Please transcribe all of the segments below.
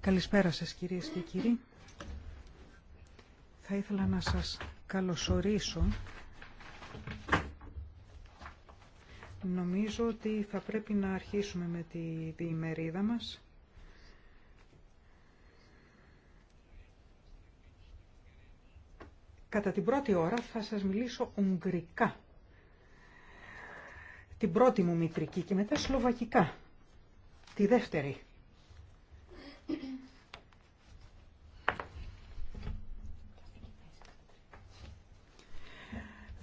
Καλησπέρα σας κυρίες και κύριοι. Θα ήθελα να σας καλωσορίσω. Νομίζω ότι θα πρέπει να αρχίσουμε με τη διημερίδα μας. Κατά την πρώτη ώρα θα σας μιλήσω ουγγρικά. Την πρώτη μου μητρική και μετά σλοβακικά τη δεύτερη.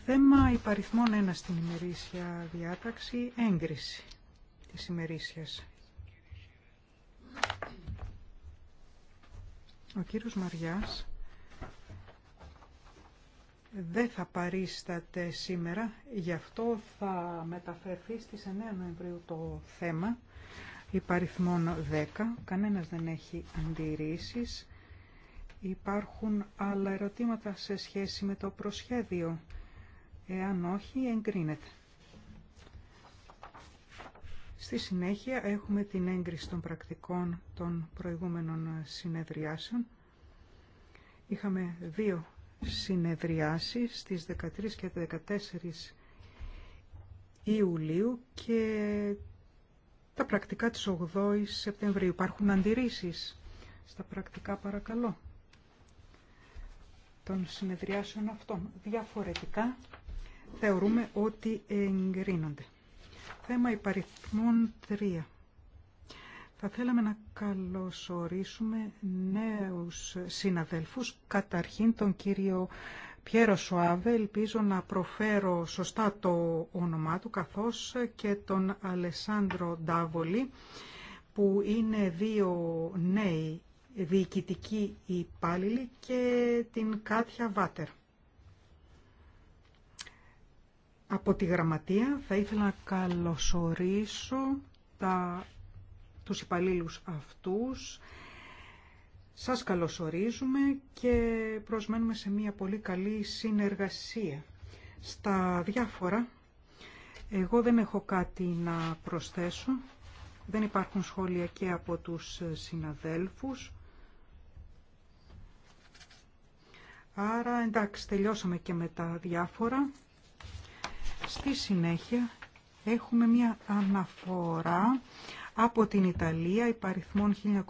Θέμα υπαριθμών ένα στην ημερήσια διάταξη, έγκριση της ημερήσιας. Ο κύριος Μαριάς δεν θα παρίσταται σήμερα, γι' αυτό θα μεταφερθεί στις 9 Νοεμβρίου το θέμα μόνο 10. Κανένας δεν έχει αντιρρήσεις. Υπάρχουν άλλα ερωτήματα σε σχέση με το προσχέδιο. Εάν όχι, εγκρίνεται. Στη συνέχεια έχουμε την έγκριση των πρακτικών των προηγούμενων συνεδριάσεων. Είχαμε δύο συνεδριάσεις στις 13 και 14 Ιουλίου και τα πρακτικά της 8ης Σεπτεμβρίου. Υπάρχουν αντιρρήσεις στα πρακτικά παρακαλώ των συνεδριάσεων αυτών. Διαφορετικά θεωρούμε ότι εγκρίνονται. Θέμα υπαριθμών 3. Θα θέλαμε να καλωσορίσουμε νέους συναδέλφους, καταρχήν τον κύριο Πιέρο Σουάβε, ελπίζω να προφέρω σωστά το όνομά του, καθώς και τον Αλεσάνδρο Ντάβολη, που είναι δύο νέοι διοικητικοί υπάλληλοι και την Κάτια Βάτερ. Από τη Γραμματεία θα ήθελα να καλωσορίσω τα, τους υπαλλήλους αυτούς σας καλωσορίζουμε και προσμένουμε σε μια πολύ καλή συνεργασία. Στα διάφορα, εγώ δεν έχω κάτι να προσθέσω. Δεν υπάρχουν σχόλια και από τους συναδέλφους. Άρα εντάξει, τελειώσαμε και με τα διάφορα. Στη συνέχεια έχουμε μια αναφορά από την Ιταλία υπαριθμών 1962-2014.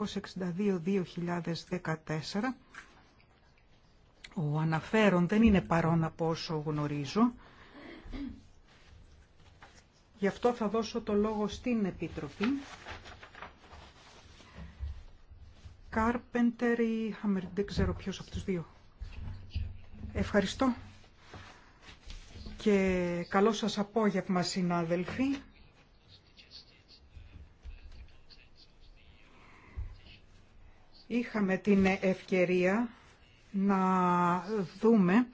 Ο αναφέρον δεν είναι παρόν από όσο γνωρίζω. Γι' αυτό θα δώσω το λόγο στην Επίτροπη. Κάρπεντερ ή Χαμερ, δεν ξέρω ποιος από τους δύο. Ευχαριστώ και καλό σας απόγευμα συνάδελφοι. Είχαμε την ευκαιρία να δούμε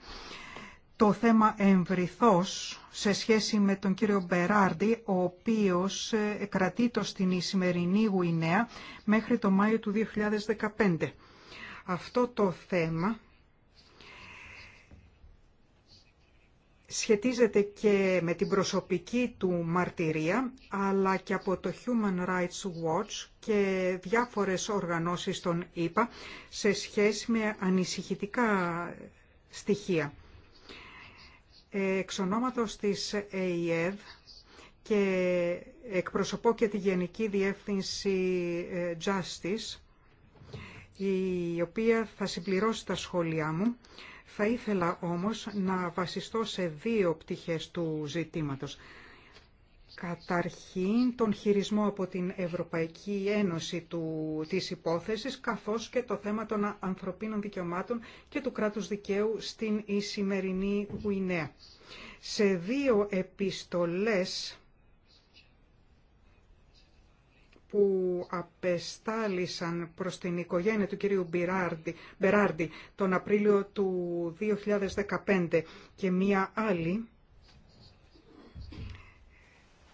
το θέμα εμβριθός σε σχέση με τον κύριο Μπεράρντι, ο οποίος ε, το στην Ισημερινή Γουινέα μέχρι το Μάιο του 2015. Αυτό το θέμα σχετίζεται και με την προσωπική του μαρτυρία, αλλά και από το Human Rights Watch και διάφορες οργανώσεις των ΗΠΑ σε σχέση με ανησυχητικά στοιχεία. Εξ ονόματος της ΕΙΕΔ και εκπροσωπώ και τη Γενική Διεύθυνση ε, Justice, η οποία θα συμπληρώσει τα σχόλιά μου, θα ήθελα όμως να βασιστώ σε δύο πτυχές του ζητήματος. Καταρχήν τον χειρισμό από την Ευρωπαϊκή Ένωση του, της υπόθεσης, καθώς και το θέμα των ανθρωπίνων δικαιωμάτων και του κράτους δικαίου στην η σημερινή Γουινέα. Σε δύο επιστολές που απεστάλησαν προς την οικογένεια του κυρίου Μπεράρντι, τον Απρίλιο του 2015 και μία άλλη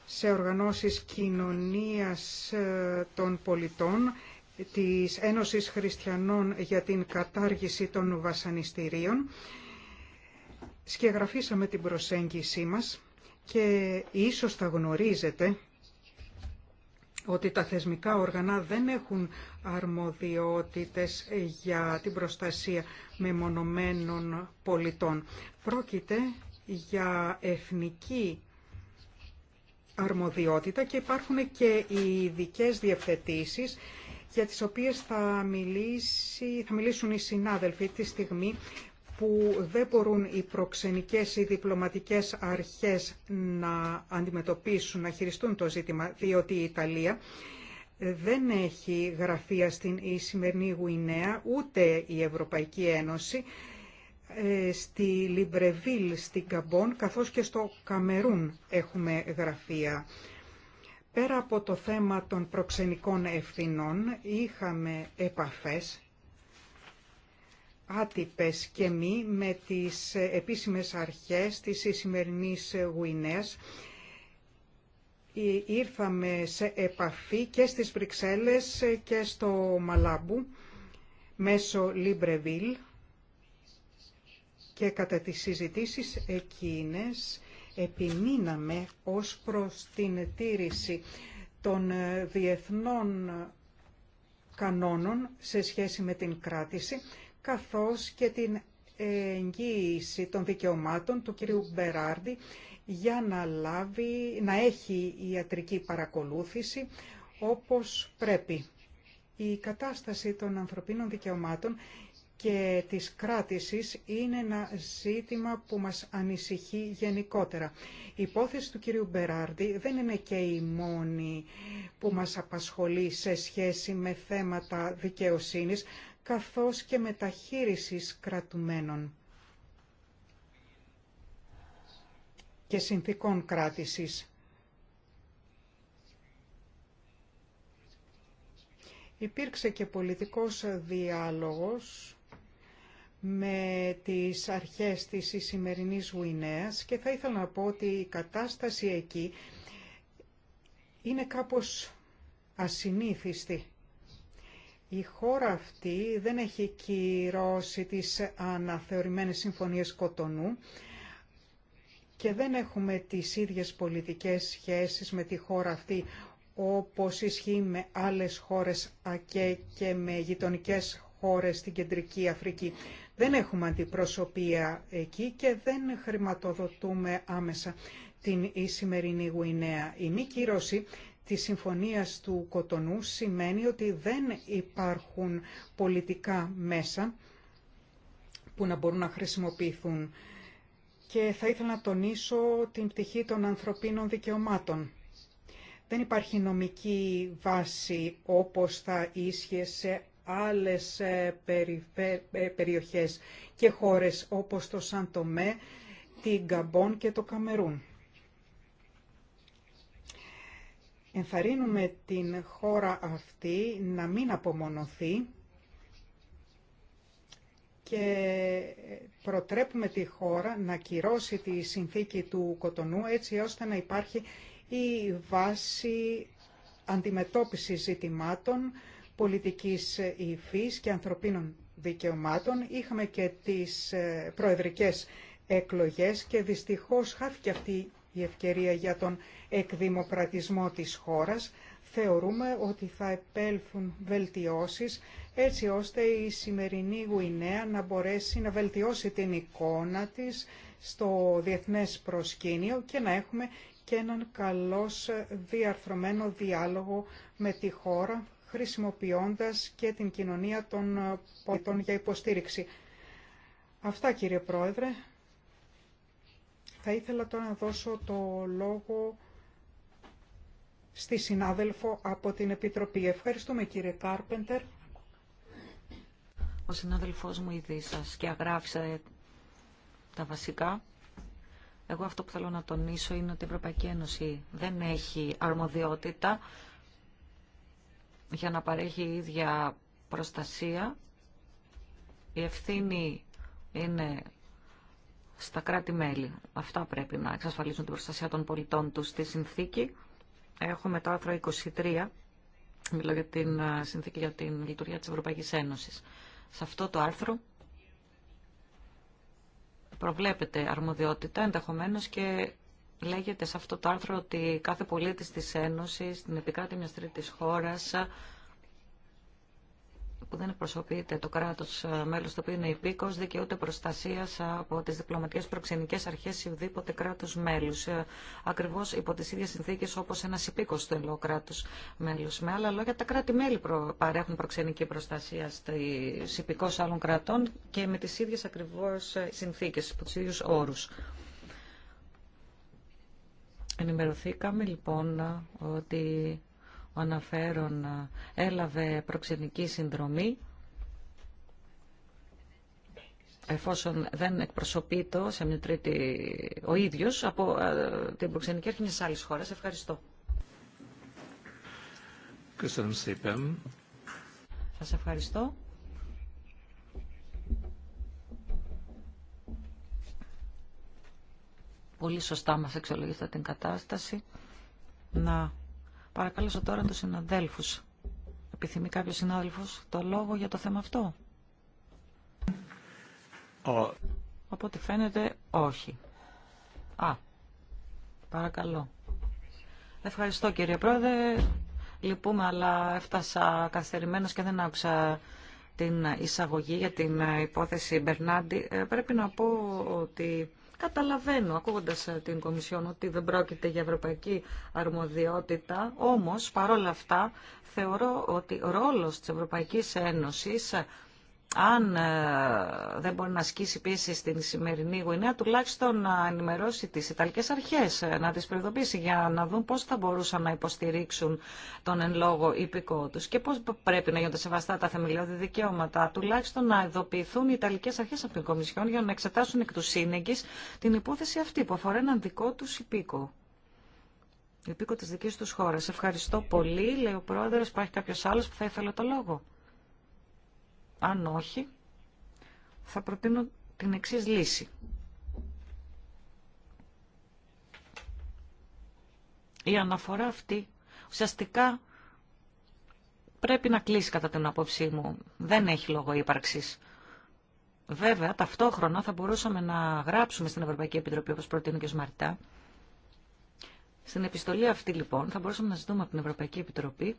σε οργανώσεις κοινωνίας ε, των πολιτών της Ένωσης Χριστιανών για την κατάργηση των βασανιστήριων. Σκεγραφίσαμε την προσέγγιση μας και ίσως τα γνωρίζετε ότι τα θεσμικά όργανα δεν έχουν αρμοδιότητες για την προστασία μεμονωμένων πολιτών. Πρόκειται για εθνική αρμοδιότητα και υπάρχουν και οι ειδικέ διευθετήσεις για τις οποίες θα, μιλήσει, θα μιλήσουν οι συνάδελφοι τη στιγμή που δεν μπορούν οι προξενικές ή διπλωματικές αρχές να αντιμετωπίσουν, να χειριστούν το ζήτημα, διότι η Ιταλία δεν έχει γραφεία στην η σημερινή Γουινέα, ούτε η Ευρωπαϊκή Ένωση, ε, στη Λιμπρεβίλ, στην Καμπόν, καθώς και στο Καμερούν έχουμε γραφεία. Πέρα από το θέμα των προξενικών ευθυνών, είχαμε επαφές άτυπες και μη με τις επίσημες αρχές της σημερινής Γουινέας. Ε, ήρθαμε σε επαφή και στις Βρυξέλλες και στο Μαλάμπου μέσω Λίμπρεβιλ και κατά τις συζητήσεις εκείνες επιμείναμε ως προς την τήρηση των διεθνών κανόνων σε σχέση με την κράτηση καθώς και την εγγύηση των δικαιωμάτων του κυρίου Μπεράρντι για να, λάβει, να έχει ιατρική παρακολούθηση όπως πρέπει. Η κατάσταση των ανθρωπίνων δικαιωμάτων και της κράτησης είναι ένα ζήτημα που μας ανησυχεί γενικότερα. Η υπόθεση του κυρίου Μπεράρντι δεν είναι και η μόνη που μας απασχολεί σε σχέση με θέματα δικαιοσύνης, καθώς και μεταχείρισης κρατουμένων και συνθήκων κράτησης. Υπήρξε και πολιτικός διάλογος με τις αρχές της σημερινής Γουινέας και θα ήθελα να πω ότι η κατάσταση εκεί είναι κάπως ασυνήθιστη. Η χώρα αυτή δεν έχει κυρώσει τις αναθεωρημένες συμφωνίες Κοτονού και δεν έχουμε τις ίδιες πολιτικές σχέσεις με τη χώρα αυτή όπως ισχύει με άλλες χώρες ΑΚΕ και με γειτονικές χώρες στην Κεντρική Αφρική. Δεν έχουμε αντιπροσωπεία εκεί και δεν χρηματοδοτούμε άμεσα την σημερινή Γουινέα. Η μη κύρωση Τη Συμφωνίας του Κοτονού σημαίνει ότι δεν υπάρχουν πολιτικά μέσα που να μπορούν να χρησιμοποιηθούν. Και θα ήθελα να τονίσω την πτυχή των ανθρωπίνων δικαιωμάτων. Δεν υπάρχει νομική βάση όπως θα ίσχυε σε άλλες ε, ε, περιοχές και χώρες όπως το Σαντομέ, την Γκαμπόν και το Καμερούν. Ενθαρρύνουμε την χώρα αυτή να μην απομονωθεί και προτρέπουμε τη χώρα να κυρώσει τη συνθήκη του Κοτονού έτσι ώστε να υπάρχει η βάση αντιμετώπισης ζητημάτων πολιτικής υφής και ανθρωπίνων δικαιωμάτων. Είχαμε και τις ε, προεδρικές εκλογές και δυστυχώς χάθηκε αυτή η ευκαιρία για τον εκδημοκρατισμό της χώρας, θεωρούμε ότι θα επέλθουν βελτιώσεις έτσι ώστε η σημερινή Γουινέα να μπορέσει να βελτιώσει την εικόνα της στο διεθνές προσκήνιο και να έχουμε και έναν καλός διαρθρωμένο διάλογο με τη χώρα χρησιμοποιώντας και την κοινωνία των πολιτών για υποστήριξη. Αυτά κύριε Πρόεδρε. Θα ήθελα τώρα να δώσω το λόγο στη συνάδελφο από την Επιτροπή. Ευχαριστούμε κύριε Κάρπεντερ. Ο συνάδελφός μου ήδη σας και αγράφησα τα βασικά. Εγώ αυτό που θέλω να τονίσω είναι ότι η Ευρωπαϊκή Ένωση δεν έχει αρμοδιότητα για να παρέχει η ίδια προστασία. Η ευθύνη είναι στα κράτη-μέλη. Αυτά πρέπει να εξασφαλίσουν την προστασία των πολιτών τους στη συνθήκη. Έχουμε το άρθρο 23, μιλώ για την ε, συνθήκη για την λειτουργία της Ευρωπαϊκής Ένωσης. Σε αυτό το άρθρο προβλέπεται αρμοδιότητα, ενδεχομένως και λέγεται σε αυτό το άρθρο ότι κάθε πολίτης της Ένωσης, την επικράτη μιας τρίτης χώρας, που δεν εκπροσωπείται το κράτο ε, μέλο το οποίο είναι υπήκο δικαιούται προστασία από τι διπλωματικέ προξενικέ αρχέ ή οδήποτε κράτο μέλου. Ε, ακριβώ υπό τι ίδιε συνθήκε όπω ένα υπήκο του ελληνικού κράτου μέλου. Με άλλα λόγια, τα κράτη-μέλη παρέχουν προξενική προστασία στι υπηκό άλλων κρατών και με τι ίδιε ακριβώ ε, συνθήκε, υπό του ίδιου όρου. Ενημερωθήκαμε λοιπόν ότι αναφέρον έλαβε προξενική συνδρομή εφόσον δεν εκπροσωπεί το σε μια τρίτη ο ίδιος από την προξενική έρχη μιας άλλης χώρας. Ευχαριστώ. Σας ευχαριστώ. Πολύ σωστά μας εξολογήσατε την κατάσταση. Να Παρακαλώ τώρα τους συναδέλφους. Επιθυμεί κάποιος συνάδελφος το λόγο για το θέμα αυτό. Ο... Από ό,τι φαίνεται όχι. Α, παρακαλώ. Ευχαριστώ κύριε Πρόεδρε. Λυπούμε αλλά έφτασα καθυστερημένος και δεν άκουσα την εισαγωγή για την υπόθεση Μπερνάντι. Ε, πρέπει να πω ότι Καταλαβαίνω, ακούγοντας ε, την Κομισιόν, ότι δεν πρόκειται για ευρωπαϊκή αρμοδιότητα, όμως παρόλα αυτά θεωρώ ότι ο ρόλος της Ευρωπαϊκής Ένωσης αν ε, δεν μπορεί να ασκήσει πίεση στην σημερινή Γουινέα, τουλάχιστον να ενημερώσει τις Ιταλικές αρχές, ε, να τις προειδοποιήσει για να δουν πώς θα μπορούσαν να υποστηρίξουν τον εν λόγω υπηκό τους και πώς πρέπει να γίνονται σεβαστά τα θεμελιώδη δικαιώματα, τουλάχιστον να ειδοποιηθούν οι Ιταλικές αρχές από την Κομισιόν για να εξετάσουν εκ του σύνεγγης την υπόθεση αυτή που αφορά έναν δικό του υπήκο. Υπήκο της δικής τους χώρας. Ευχαριστώ πολύ. Λέει ο Πρόεδρος, υπάρχει κάποιος άλλος που θα ήθελε το λόγο. Αν όχι, θα προτείνω την εξής λύση. Η αναφορά αυτή ουσιαστικά πρέπει να κλείσει κατά την απόψή μου. Δεν έχει λόγο ύπαρξης. Βέβαια, ταυτόχρονα θα μπορούσαμε να γράψουμε στην Ευρωπαϊκή Επιτροπή, όπως προτείνει και ο Σμαρτά. Στην επιστολή αυτή, λοιπόν, θα μπορούσαμε να ζητούμε από την Ευρωπαϊκή Επιτροπή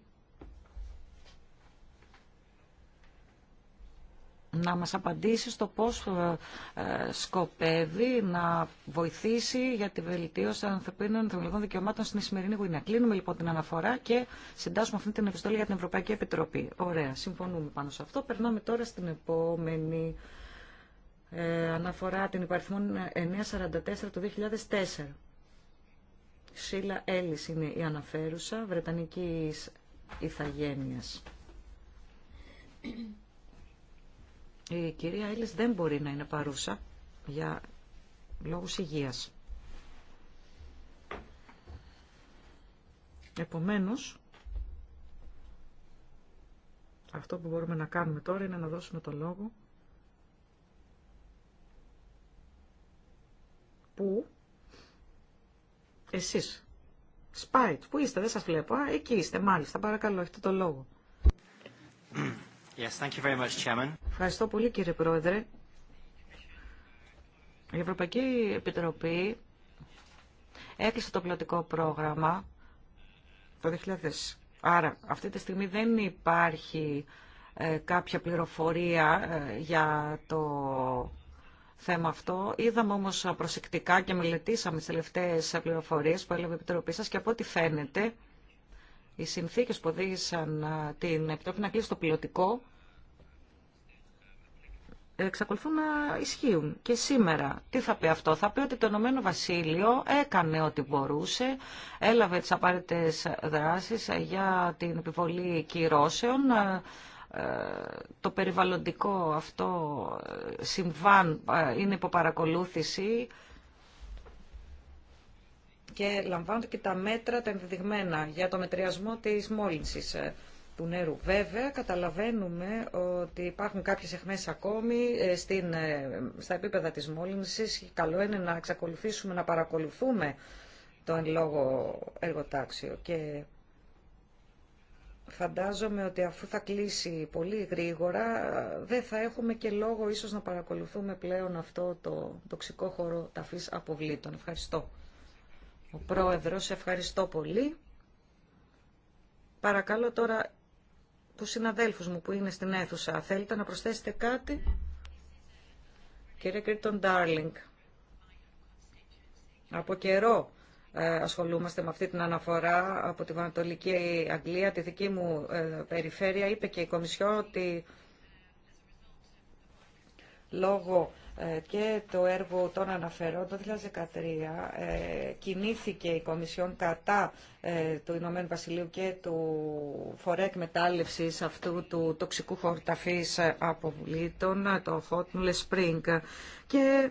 να μας απαντήσει στο πώς ε, ε, σκοπεύει να βοηθήσει για τη βελτίωση των ανθρωπίνων θεμελιωδών δικαιωμάτων στην σημερινή γουίνια. Κλείνουμε λοιπόν την αναφορά και συντάσσουμε αυτή την επιστολή για την Ευρωπαϊκή Επιτροπή. Ωραία, συμφωνούμε πάνω σε αυτό. Περνάμε τώρα στην επόμενη ε, αναφορά, την υπαριθμόν 944 του 2004. Σίλα Έλλης είναι η αναφέρουσα, Βρετανικής Ιθαγένειας. Η κυρία Έλλης δεν μπορεί να είναι παρούσα για λόγους υγείας. Επομένως, αυτό που μπορούμε να κάνουμε τώρα είναι να δώσουμε το λόγο που εσείς Σπάιτ, πού είστε, δεν σας βλέπω. Α, εκεί είστε, μάλιστα, παρακαλώ, έχετε το λόγο. Yes, thank you very much, Chairman. Ευχαριστώ πολύ κύριε Πρόεδρε. Η Ευρωπαϊκή Επιτροπή έκλεισε το πλωτικό πρόγραμμα το 2000. Άρα αυτή τη στιγμή δεν υπάρχει ε, κάποια πληροφορία ε, για το θέμα αυτό. Είδαμε όμως προσεκτικά και μελετήσαμε τις τελευταίες πληροφορίες που έλαβε η Επιτροπή σας και από ό,τι φαίνεται οι συνθήκες που οδήγησαν την Επιτροπή να κλείσει το πιλωτικό εξακολουθούν να ισχύουν. Και σήμερα τι θα πει αυτό. Θα πει ότι το Ηνωμένο Βασίλειο έκανε ό,τι μπορούσε, έλαβε τις απαραίτητες δράσεις ε, για την επιβολή κυρώσεων, ε, ε, το περιβαλλοντικό αυτό συμβάν είναι υπό παρακολούθηση και λαμβάνονται και τα μέτρα τα ενδεδειγμένα για το μετριασμό της μόλυνσης ε, του νερού. Βέβαια, καταλαβαίνουμε ότι υπάρχουν κάποιες εχμές ακόμη ε, στην, ε, στα επίπεδα της μόλυνσης. Καλό είναι να εξακολουθήσουμε να παρακολουθούμε το εν λόγω εργοτάξιο και φαντάζομαι ότι αφού θα κλείσει πολύ γρήγορα δεν θα έχουμε και λόγο ίσως να παρακολουθούμε πλέον αυτό το τοξικό χώρο ταφής αποβλήτων. Ευχαριστώ. Ο Πρόεδρος, ευχαριστώ πολύ. Παρακαλώ τώρα τους συναδέλφους μου που είναι στην αίθουσα. Θέλετε να προσθέσετε κάτι. Κύριε Κρήτον Ντάρλινγκ, από καιρό ε, ασχολούμαστε με αυτή την αναφορά από τη Βανατολική Αγγλία, τη δική μου ε, περιφέρεια. Είπε και η Κομισιό ότι λόγω ε, και το έργο των αναφερών το 2013 ε, κινήθηκε η Κομισιόν κατά ε, του Ηνωμένου Βασιλείου και του φορέα εκμετάλλευση αυτού του τοξικού χορταφής αποβλήτων, το Φότμουλε Spring. Και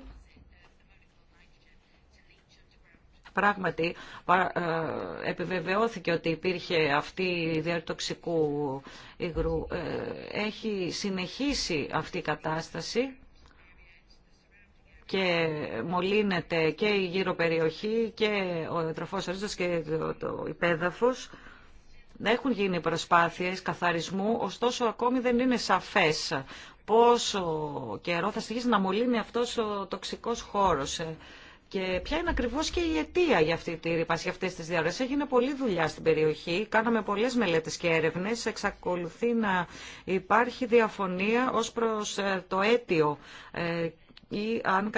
πράγματι επιβεβαιώθηκε ότι υπήρχε αυτή η ιδέα τοξικού υγρού. Έχει συνεχίσει αυτή η κατάσταση και μολύνεται και η γύρω περιοχή και ο τροφός ορίζοντας και το, το υπέδαφος. Έχουν γίνει προσπάθειες καθαρισμού, ωστόσο ακόμη δεν είναι σαφές πόσο καιρό θα στοιχίσει να μολύνει αυτός ο τοξικός χώρος. Και ποια είναι ακριβώς και η αιτία για αυτή τη ρήπαση, για αυτές τις διαρροές. Έγινε πολλή δουλειά στην περιοχή, κάναμε πολλές μελέτες και έρευνες, εξακολουθεί να υπάρχει διαφωνία ως προς ε, το αίτιο ε, ή αν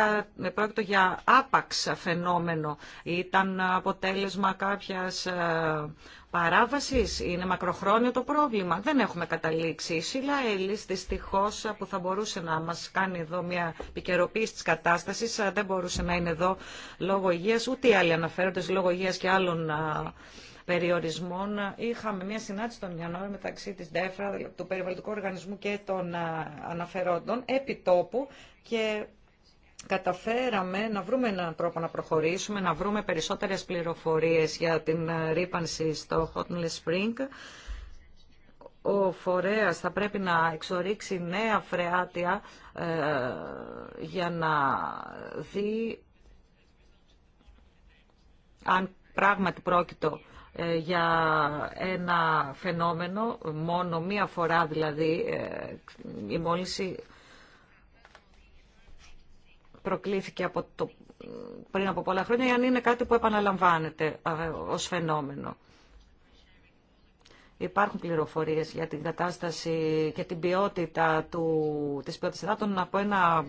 πρόκειτο για άπαξ φαινόμενο ήταν αποτέλεσμα κάποιας ε, παράβασης, είναι μακροχρόνιο το πρόβλημα. Δεν έχουμε καταλήξει. Η αν πρόκειται για απαξ φαινομενο ηταν αποτελεσμα Έλλης δυστυχώς ε, που θα μπορούσε να μας κάνει εδώ μια επικαιροποίηση της κατάστασης ε, δεν μπορούσε να είναι εδώ λόγω υγείας, ούτε οι άλλοι αναφέροντες λόγω υγείας και άλλων περιορισμών. Είχαμε μια συνάντηση τον Ιανουάριο μεταξύ της ΔΕΦΡΑ, του Περιβαλλοντικού Οργανισμού και των αναφερόντων, επί τόπου και καταφέραμε να βρούμε έναν τρόπο να προχωρήσουμε, να βρούμε περισσότερες πληροφορίες για την ε, ρήπανση στο Hotness Spring. Ο φορέας θα πρέπει να εξορίξει νέα φρεάτια ε, για να δει αν πράγματι πρόκειτο ε, για ένα φαινόμενο, μόνο μία φορά δηλαδή η μόλυνση προκλήθηκε από το, πριν από πολλά χρόνια ή αν είναι κάτι που επαναλαμβάνεται ως φαινόμενο. Υπάρχουν πληροφορίες για την κατάσταση και την ποιότητα του, της ποιότητας υδάτων από ένα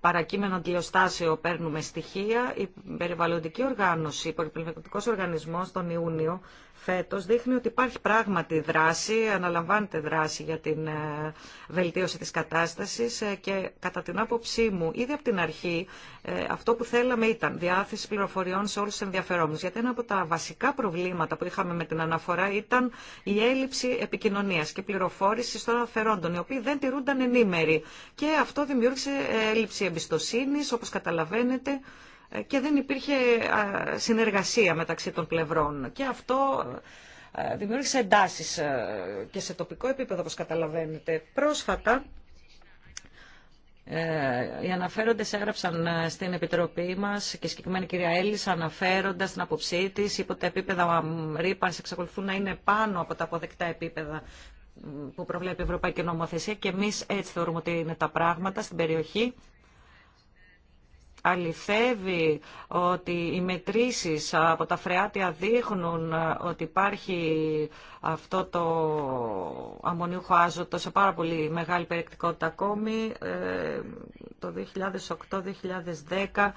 παρακείμενο διοστάσιο, παίρνουμε στοιχεία. Η περιβαλλοντική οργάνωση, ο περιβαλλοντικός οργανισμός τον Ιούνιο φέτος δείχνει ότι υπάρχει πράγματι δράση, αναλαμβάνεται δράση για την ε, βελτίωση της κατάστασης ε, και κατά την άποψή μου ήδη από την αρχή ε, αυτό που θέλαμε ήταν διάθεση πληροφοριών σε όλους τους ενδιαφερόμενους γιατί ένα από τα βασικά προβλήματα που είχαμε με την αναφορά ήταν η έλλειψη επικοινωνίας και πληροφόρησης των αναφερόντων οι οποίοι δεν τηρούνταν ενήμεροι και αυτό δημιούργησε έλλειψη εμπιστοσύνης όπως καταλαβαίνετε και δεν υπήρχε συνεργασία μεταξύ των πλευρών. Και αυτό δημιούργησε εντάσεις και σε τοπικό επίπεδο, όπως καταλαβαίνετε. Πρόσφατα, ε, οι αναφέροντες έγραψαν ε, στην Επιτροπή μας και συγκεκριμένη κυρία Έλλης αναφέροντας την αποψή της, είπε ότι τα επίπεδα ρήπανση εξακολουθούν να είναι πάνω από τα αποδεκτά επίπεδα που προβλέπει η Ευρωπαϊκή Νομοθεσία και εμείς έτσι θεωρούμε ότι είναι τα πράγματα στην περιοχή αληθεύει ότι οι μετρήσεις από τα φρεάτια δείχνουν ε, ότι υπάρχει αυτό το αμμονίουχο άζωτο σε πάρα πολύ μεγάλη περιεκτικότητα ακόμη. Ε, το 2008-2010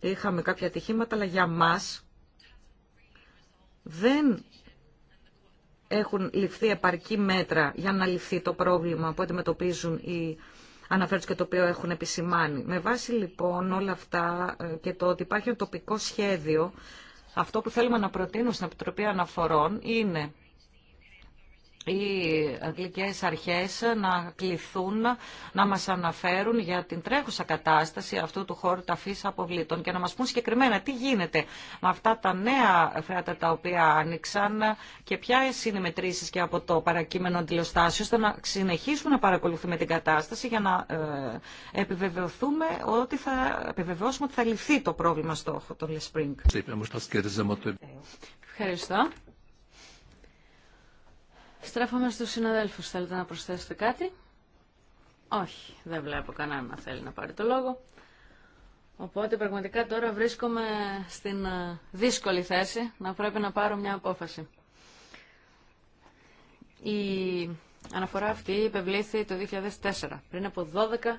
είχαμε κάποια ατυχήματα, αλλά για μας δεν έχουν ληφθεί επαρκή μέτρα για να ληφθεί το πρόβλημα που αντιμετωπίζουν οι αναφέρεται και το οποίο έχουν επισημάνει. Με βάση λοιπόν όλα αυτά ε, και το ότι υπάρχει ένα τοπικό σχέδιο, αυτό που θέλουμε να προτείνουμε στην Επιτροπή Αναφορών είναι οι αγγλικές αρχές να κληθούν να μας αναφέρουν για την τρέχουσα κατάσταση αυτού του χώρου ταφής αποβλήτων και να μας πούν συγκεκριμένα τι γίνεται με αυτά τα νέα φράτα τα οποία άνοιξαν και ποια είναι οι μετρήσεις και από το παρακείμενο αντιλοστάσιο ώστε να συνεχίσουμε να παρακολουθούμε την κατάσταση για να ε, επιβεβαιωθούμε ότι θα επιβεβαιώσουμε ότι θα λυθεί το πρόβλημα στο, των Λεσπρίνγκ. Ευχαριστώ. Στρέφομαι στους συναδέλφους. Θέλετε να προσθέσετε κάτι? Όχι, δεν βλέπω κανένα να θέλει να πάρει το λόγο. Οπότε πραγματικά τώρα βρίσκομαι στην ε, δύσκολη θέση να πρέπει να πάρω μια απόφαση. Η αναφορά αυτή υπευλήθη το 2004, πριν από 12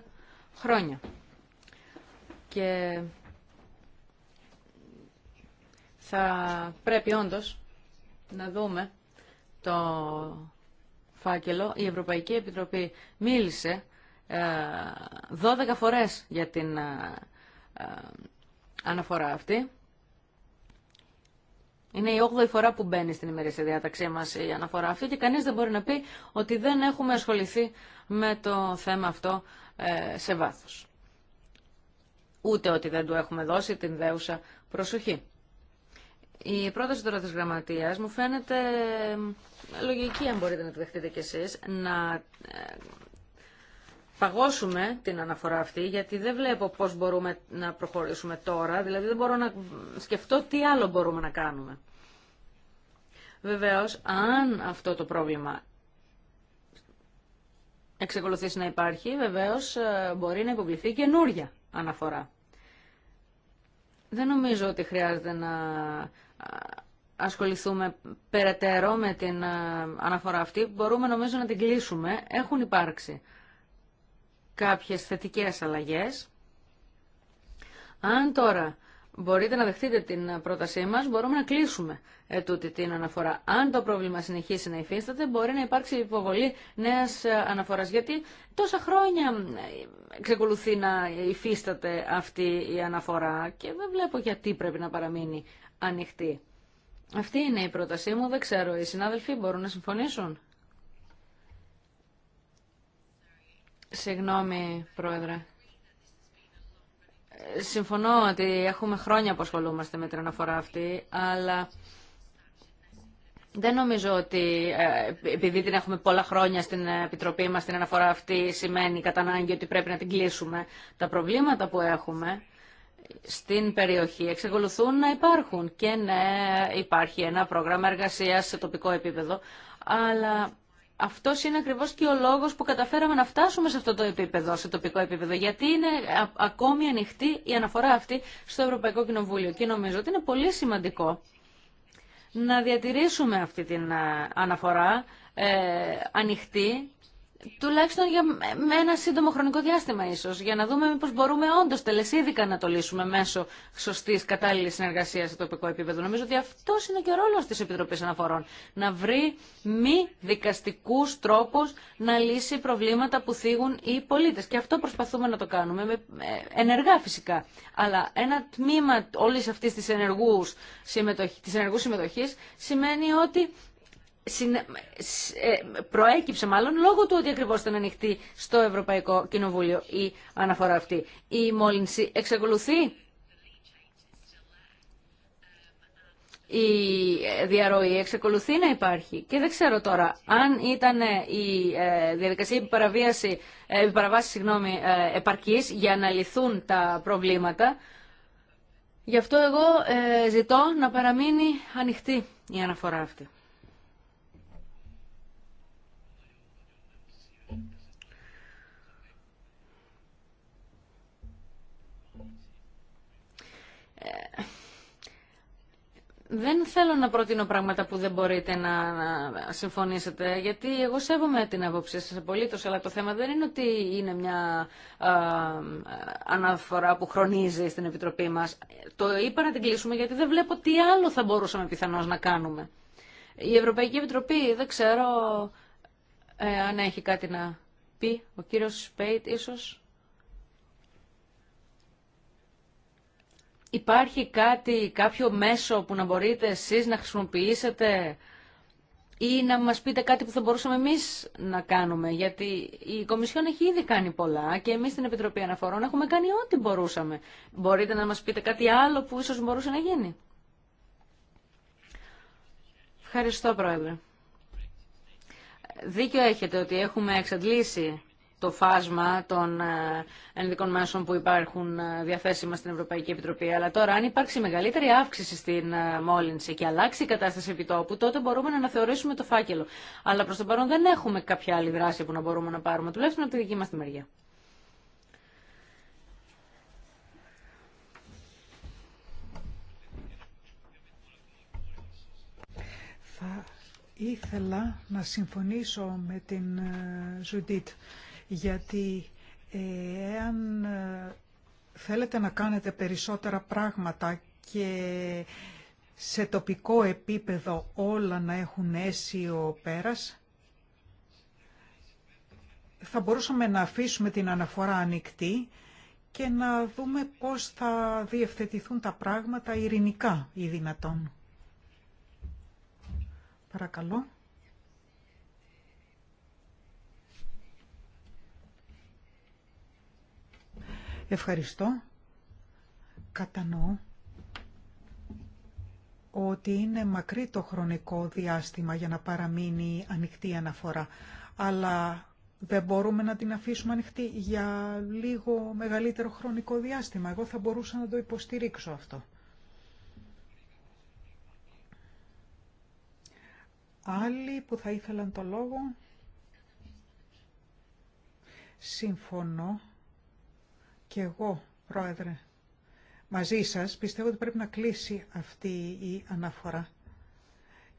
χρόνια. Και θα πρέπει όντως να δούμε το φάκελο, η Ευρωπαϊκή Επιτροπή μίλησε 12 ε, φορές για την ε, ε, αναφορά αυτή. Είναι η 8η φορά που μπαίνει στην ημερήσια διάταξή μα η αναφορά αυτή και κανείς δεν μπορεί να πει ότι δεν έχουμε ασχοληθεί με το θέμα αυτό σε βάθος. Ούτε ότι δεν του έχουμε δώσει την δέουσα προσοχή. Η πρόταση τώρα της γραμματείας μου φαίνεται λογική, αν μπορείτε να το δεχτείτε κι εσείς, να ε, παγώσουμε την αναφορά αυτή, γιατί δεν βλέπω πώς μπορούμε να προχωρήσουμε τώρα, δηλαδή δεν μπορώ να σκεφτώ τι άλλο μπορούμε να κάνουμε. Βεβαίως, αν αυτό το πρόβλημα εξεκολουθήσει να υπάρχει, βεβαίως ε, μπορεί να υποβληθεί καινούρια αναφορά. Δεν νομίζω ότι χρειάζεται να ασχοληθούμε περαιτέρω με την ε, αναφορά αυτή. Μπορούμε νομίζω να την κλείσουμε. Έχουν υπάρξει κάποιες θετικές αλλαγές. Αν τώρα μπορείτε να δεχτείτε την πρότασή μας, μπορούμε να κλείσουμε τούτη την αναφορά. Αν το πρόβλημα συνεχίσει να υφίσταται, μπορεί να υπάρξει υποβολή νέας ε, αναφοράς. Γιατί τόσα χρόνια ε, εξεκολουθεί να υφίσταται αυτή η αναφορά και δεν βλέπω γιατί πρέπει να παραμείνει ανοιχτή. Αυτή είναι η πρότασή μου. Δεν ξέρω, οι συνάδελφοι μπορούν να συμφωνήσουν. Συγγνώμη, Πρόεδρε. Συμφωνώ ότι έχουμε χρόνια που ασχολούμαστε με την αναφορά αυτή, αλλά δεν νομίζω ότι ε, επειδή την έχουμε πολλά χρόνια στην Επιτροπή μας την αναφορά αυτή σημαίνει κατά ανάγκη ότι πρέπει να την κλείσουμε. Τα προβλήματα που έχουμε στην περιοχή εξακολουθούν να υπάρχουν και ναι υπάρχει ένα πρόγραμμα εργασίας σε τοπικό επίπεδο αλλά αυτό είναι ακριβώ και ο λόγο που καταφέραμε να φτάσουμε σε αυτό το επίπεδο, σε τοπικό επίπεδο. Γιατί είναι ακόμη ανοιχτή η αναφορά αυτή στο Ευρωπαϊκό Κοινοβούλιο. Και νομίζω ότι είναι πολύ σημαντικό να διατηρήσουμε αυτή την αναφορά ε, ανοιχτή τουλάχιστον για ένα σύντομο χρονικό διάστημα ίσως, για να δούμε μήπως μπορούμε όντως τελεσίδικα να το λύσουμε μέσω σωστή κατάλληλη συνεργασία σε τοπικό επίπεδο. Νομίζω ότι αυτό είναι και ο ρόλος της Επιτροπής Αναφορών, να βρει μη δικαστικούς τρόπους να λύσει προβλήματα που θίγουν οι πολίτες. Και αυτό προσπαθούμε να το κάνουμε, με, ενεργά φυσικά. Αλλά ένα τμήμα όλη αυτή τη ενεργού συμμετοχή σημαίνει ότι ε, προέκυψε μάλλον λόγω του ότι ακριβώς ήταν ανοιχτή στο Ευρωπαϊκό Κοινοβούλιο η αναφορά αυτή. Η μόλυνση εξακολουθεί. Η διαρροή εξακολουθεί να υπάρχει και δεν ξέρω τώρα αν ήταν η ε, διαδικασία επιπαραβίαση, ε, επιπαραβάση συγγνώμη, επαρκής για να λυθούν τα προβλήματα. Γι' αυτό εγώ ζητώ να παραμείνει ανοιχτή η αναφορά αυτή. δεν θέλω να προτείνω πράγματα που δεν μπορείτε να, συμφωνήσετε, γιατί εγώ σέβομαι την άποψή σα απολύτω, αλλά το θέμα δεν είναι ότι είναι μια αναφορά που χρονίζει στην Επιτροπή μας. Το είπα να την κλείσουμε γιατί δεν βλέπω τι άλλο θα μπορούσαμε πιθανώς να κάνουμε. Η Ευρωπαϊκή Επιτροπή, δεν ξέρω ε, αν έχει κάτι να πει, ο κύριος Σπέιτ ίσως. υπάρχει κάτι, κάποιο μέσο που να μπορείτε εσείς να χρησιμοποιήσετε ή να μας πείτε κάτι που θα μπορούσαμε εμείς να κάνουμε, γιατί η Κομισιόν έχει ήδη κάνει πολλά και εμείς στην Επιτροπή Αναφορών έχουμε κάνει ό,τι μπορούσαμε. Μπορείτε να μας πείτε κάτι άλλο που ίσως μπορούσε να γίνει. Ευχαριστώ, Πρόεδρε. Δίκιο έχετε ότι έχουμε εξαντλήσει το φάσμα των ε, ενδικών μέσων που υπάρχουν ε, διαθέσιμα στην Ευρωπαϊκή Επιτροπή. Αλλά τώρα, αν υπάρξει μεγαλύτερη αύξηση στην ε, μόλυνση και αλλάξει η κατάσταση επιτόπου, τότε μπορούμε να αναθεωρήσουμε το φάκελο. Αλλά προ το παρόν δεν έχουμε κάποια άλλη δράση που να μπορούμε να πάρουμε, τουλάχιστον από τη δική μα τη μεριά. Θα ήθελα να συμφωνήσω με την Ζουντίτ γιατί ε, εάν ε, θέλετε να κάνετε περισσότερα πράγματα και σε τοπικό επίπεδο όλα να έχουν αίσιο πέρας, θα μπορούσαμε να αφήσουμε την αναφορά ανοιχτή και να δούμε πώς θα διευθετηθούν τα πράγματα ειρηνικά ή δυνατόν. Παρακαλώ. Ευχαριστώ. Κατανοώ ότι είναι μακρύ το χρονικό διάστημα για να παραμείνει ανοιχτή η αναφορά, αλλά δεν μπορούμε να την αφήσουμε ανοιχτή για λίγο μεγαλύτερο χρονικό διάστημα. Εγώ θα μπορούσα να το υποστηρίξω αυτό. Άλλοι που θα ήθελαν το λόγο. Συμφωνώ και εγώ, Πρόεδρε, μαζί σας πιστεύω ότι πρέπει να κλείσει αυτή η αναφορά.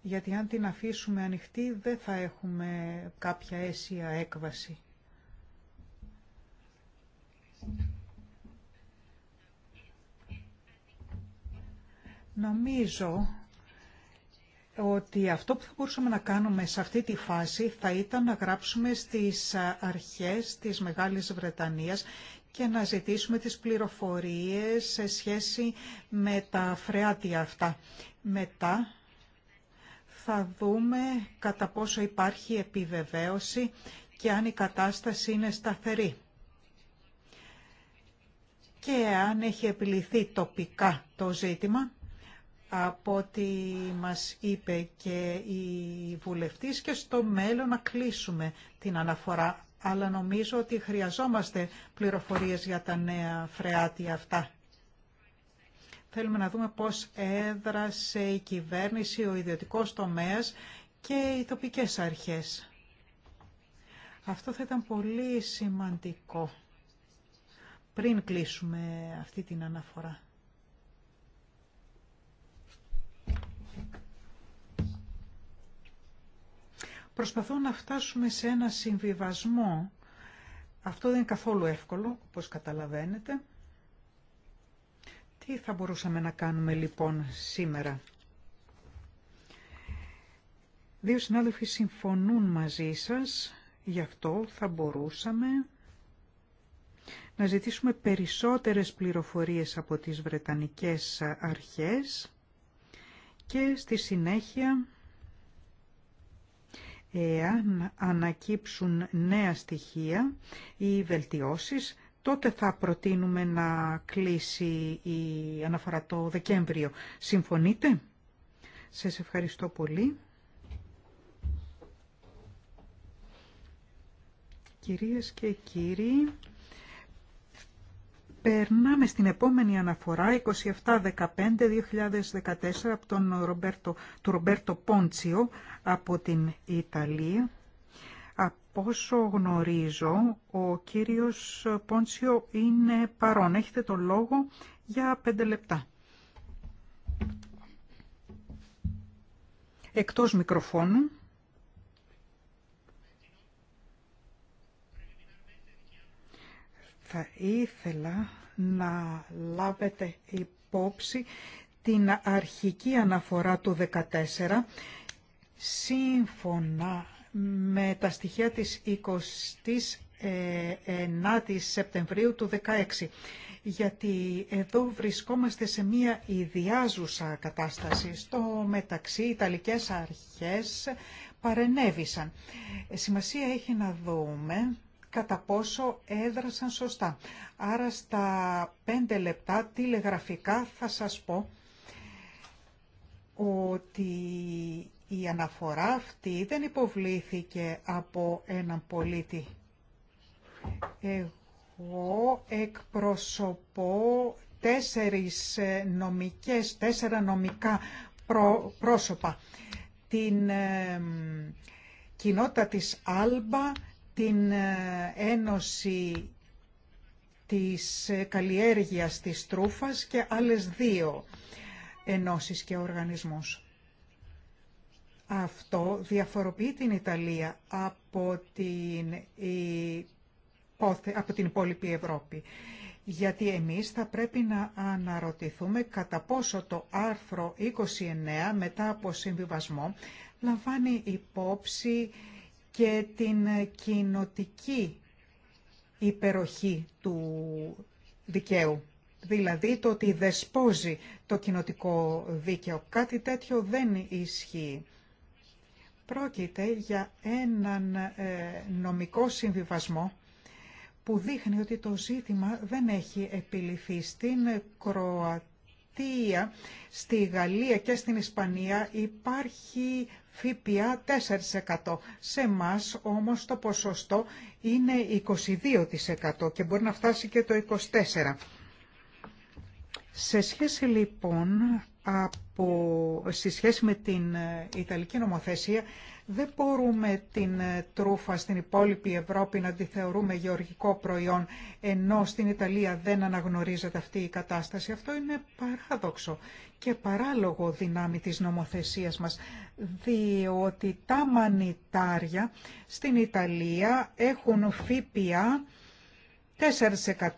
Γιατί αν την αφήσουμε ανοιχτή δεν θα έχουμε κάποια αίσια έκβαση. Νομίζω ότι αυτό που θα μπορούσαμε να κάνουμε σε αυτή τη φάση θα ήταν να γράψουμε στις αρχές της Μεγάλης Βρετανίας και να ζητήσουμε τις πληροφορίες σε σχέση με τα φρεάτια αυτά. Μετά θα δούμε κατά πόσο υπάρχει επιβεβαίωση και αν η κατάσταση είναι σταθερή και αν έχει επιληθεί τοπικά το ζήτημα από ό,τι μας είπε και η βουλευτής και στο μέλλον να κλείσουμε την αναφορά αλλά νομίζω ότι χρειαζόμαστε πληροφορίες για τα νέα φρεάτια αυτά. Θέλουμε να δούμε πώς έδρασε η κυβέρνηση, ο ιδιωτικός τομέας και οι τοπικές αρχές. Αυτό θα ήταν πολύ σημαντικό πριν κλείσουμε αυτή την αναφορά. Προσπαθώ να φτάσουμε σε ένα συμβιβασμό. Αυτό δεν είναι καθόλου εύκολο, όπως καταλαβαίνετε. Τι θα μπορούσαμε να κάνουμε λοιπόν σήμερα. Δύο συνάδελφοι συμφωνούν μαζί σας, γι' αυτό θα μπορούσαμε να ζητήσουμε περισσότερες πληροφορίες από τις Βρετανικές αρχές και στη συνέχεια Εάν ανακύψουν νέα στοιχεία ή βελτιώσεις, τότε θα προτείνουμε να κλείσει η αναφορά το Δεκέμβριο. Συμφωνείτε? Σας ευχαριστώ πολύ. Κυρίες και κύριοι, Περνάμε στην επόμενη αναφορά, 2014 από τον Ρομπέρτο, του Ρομπέρτο Πόντσιο από την Ιταλία. Από όσο γνωρίζω, ο κύριος Πόντσιο είναι παρόν. Έχετε τον λόγο για πέντε λεπτά. Εκτός μικροφώνου. Θα ήθελα να λάβετε υπόψη την αρχική αναφορά του 14 σύμφωνα με τα στοιχεία της 29ης ε, Σεπτεμβρίου του 16 γιατί εδώ βρισκόμαστε σε μία ιδιάζουσα κατάσταση. Στο μεταξύ, οι Ιταλικές αρχές παρενέβησαν. Σημασία έχει να δούμε κατά πόσο έδρασαν σωστά. Άρα στα πέντε λεπτά τηλεγραφικά θα σας πω ότι η αναφορά αυτή δεν υποβλήθηκε από έναν πολίτη. Εγώ εκπροσωπώ τέσσερις νομικές, τέσσερα νομικά πρόσωπα. Την κοινότητα της Άλμπα, την ε, ένωση της ε, καλλιέργειας της τρούφας και άλλες δύο ενώσεις και οργανισμούς. Αυτό διαφοροποιεί την Ιταλία από την, από την υπόλοιπη Ευρώπη. Γιατί εμείς θα πρέπει να αναρωτηθούμε κατά πόσο το άρθρο 29 μετά από συμβιβασμό λαμβάνει υπόψη και την κοινοτική υπεροχή του δικαίου. Δηλαδή το ότι δεσπόζει το κοινοτικό δίκαιο. Κάτι τέτοιο δεν ισχύει. Πρόκειται για έναν ε, νομικό συμβιβασμό που δείχνει ότι το ζήτημα δεν έχει επιληθεί. Στην Κροατία, στη Γαλλία και στην Ισπανία υπάρχει ΦΠΑ 4%. Σε εμά όμως το ποσοστό είναι 22% και μπορεί να φτάσει και το 24%. Σε σχέση λοιπόν από, σε σχέση με την ε, Ιταλική νομοθεσία δεν μπορούμε την ε, τρούφα στην υπόλοιπη Ευρώπη να τη θεωρούμε γεωργικό προϊόν, ενώ στην Ιταλία δεν αναγνωρίζεται αυτή η κατάσταση. Αυτό είναι παράδοξο και παράλογο δυνάμει της νομοθεσίας μας, διότι τα μανιτάρια στην Ιταλία έχουν ΦΠΑ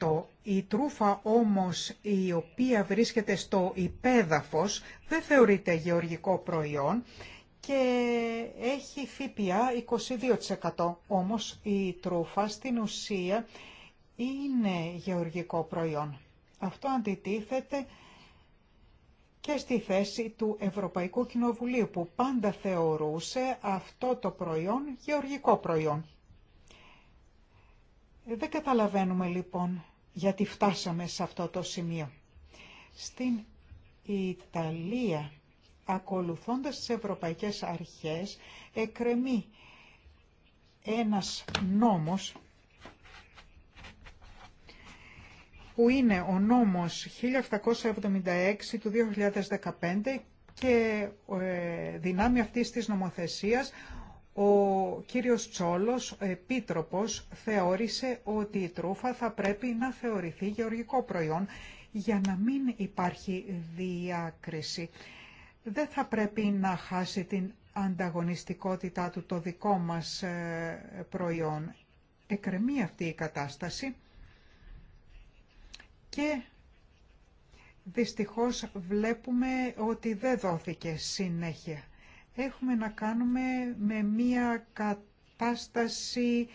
4%. Η τρούφα όμως η οποία βρίσκεται στο υπέδαφος δεν θεωρείται γεωργικό προϊόν και έχει ΦΠΑ 22%. Όμως η τρούφα στην ουσία είναι γεωργικό προϊόν. Αυτό αντιτίθεται και στη θέση του Ευρωπαϊκού Κοινοβουλίου που πάντα θεωρούσε αυτό το προϊόν γεωργικό προϊόν. Δεν καταλαβαίνουμε λοιπόν γιατί φτάσαμε σε αυτό το σημείο. Στην Ιταλία ακολουθώντας τις ευρωπαϊκές αρχές, εκρεμεί ένας νόμος που είναι ο νόμος 1776 του 2015 και ε, δυνάμει αυτής της νομοθεσίας ο κύριος Τσόλος, επίτροπος, θεώρησε ότι η τρούφα θα πρέπει να θεωρηθεί γεωργικό προϊόν για να μην υπάρχει διάκριση δεν θα πρέπει να χάσει την ανταγωνιστικότητά του το δικό μας ε, προϊόν. Εκρεμεί αυτή η κατάσταση και δυστυχώς βλέπουμε ότι δεν δόθηκε συνέχεια. Έχουμε να κάνουμε με μία κατάσταση